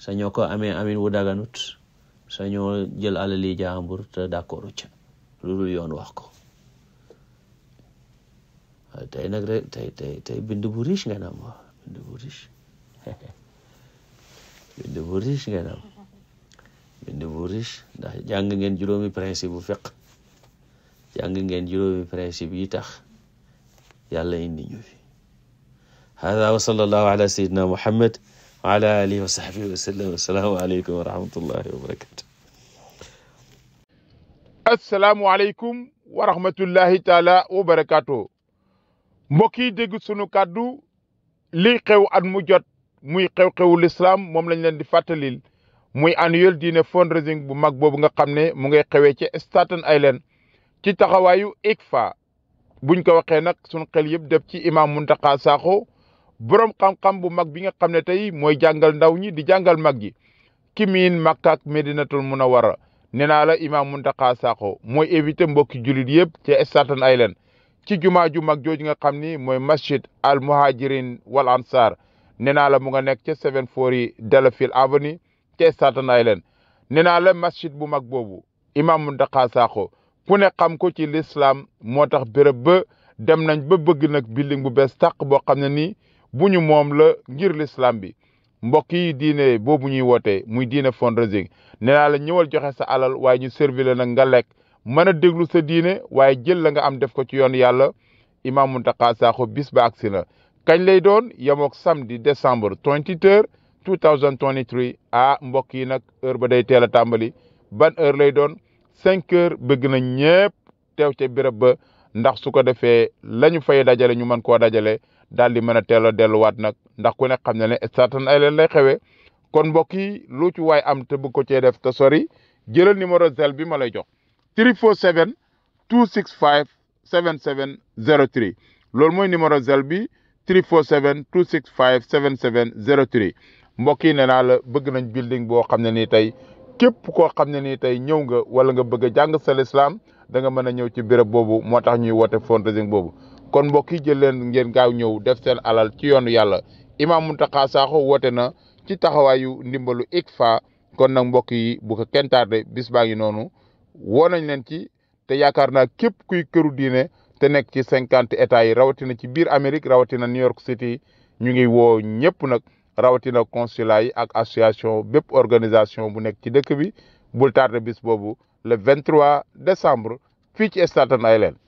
[SPEAKER 2] sañoo ko amee amin wu daganut sañoo jël alal yi jaambur te d'accord ca loolu yoon wax ko waaye tey nag rek tey tey bind bu riche nga bind bu riche bind ndax jàng ngeen juróomi principe bu fiqh jàng ngeen juróomi principe yi tax yàlla indi ñu fi hada wa sallallahu ala sayyidina muhammad wa
[SPEAKER 4] taala wa barakatu mbokk yi dégg sunu kàddu lii xew at mu jot muy xew-xewu lislaam moom lañ leen di fàttalil muy annuel dinner fundraising bu mag boobu nga xam ne mu ngay xewee ci Staten Island ci taxawaayu ICFA buñ ko waxee nag sunu xel yëpp def ci imam Muntaqa Sakho borom xam bu mag bi nga xam ne tey mooy jàngal ndaw ñi di jàngal mag gi ki miin Makka ak Medinatul Munawwara nee naa la imam Muntaqa Sakho mooy éviter mbokki jullit yëpp ci Staten Island ci jumaa ju mag jooju nga xam ni mooy masjid al muhajirin wal ansar nee naa la mu nga nekk ca 740 Delafield Avenue ca Staten Island nee naa la masjid bu mag boobu mun Muntaqa Sakho ku ne xam ko ci lislaam moo tax béréb ba dem nañ ba bëgg nag building bu bees tàq boo xam ne nii bu ñu moom la ngir lislaam bi mbokk yi diine boobu ñuy wootee muy diine fundraising nee naa la ñëwal joxe sa alal waaye ñu servi nag nga lekk mën a déglu sa diine waaye jël la nga am def ko ci yoon yàlla Imam Mountakha saako bis ba si na kañ lay doon yemook samedi décembre 23 2023 ah mbokk yi nag heure ba day teel a tàmbali ban heure lay doon cinq heures bëgg nañ ñëpp teew ca béréb ba ndax su ko defee la ñu fay dajale ñu mën koo dajale daal di mën a teel a delluwaat nag ndax ku ne xam na ne satan ay leen lay xewee kon mbokk yi lu waay am te bëgg ko cee def te sori jëlal numéro zel bi ma lay jox 347 265 7703 loolu mooy numéro zel bi 347 265 7703 mbokk yi nee naa la bëgg nañ building boo xam ne nii tey képp koo xam ne nii tey ñëw nga wala nga bëgg a jàng sa lislaam da mën a ñëw ci béréb boobu moo tax ñuy woote fundraising boobu kon mbokk yi jël leen ngeen gaaw ñëw def seen alal ci yoonu yàlla Imam Mountakha Sakho woote na ci taxawaayu ndimbalu ICFA kon nag mbokk yi bu ko kenn tardé bis noonu woo nañ leen ci te yaakaar naa képp kuy këru diine te nekk ci cinquante états yi rawatina ci biir Amérique rawatina New York City ñu ngi woo ñëpp nag. rawatina consulat ak association bépp organisation bu nekk ci dëkk bi bul tardé bis boobu le 23 décembre fii ci Staten Island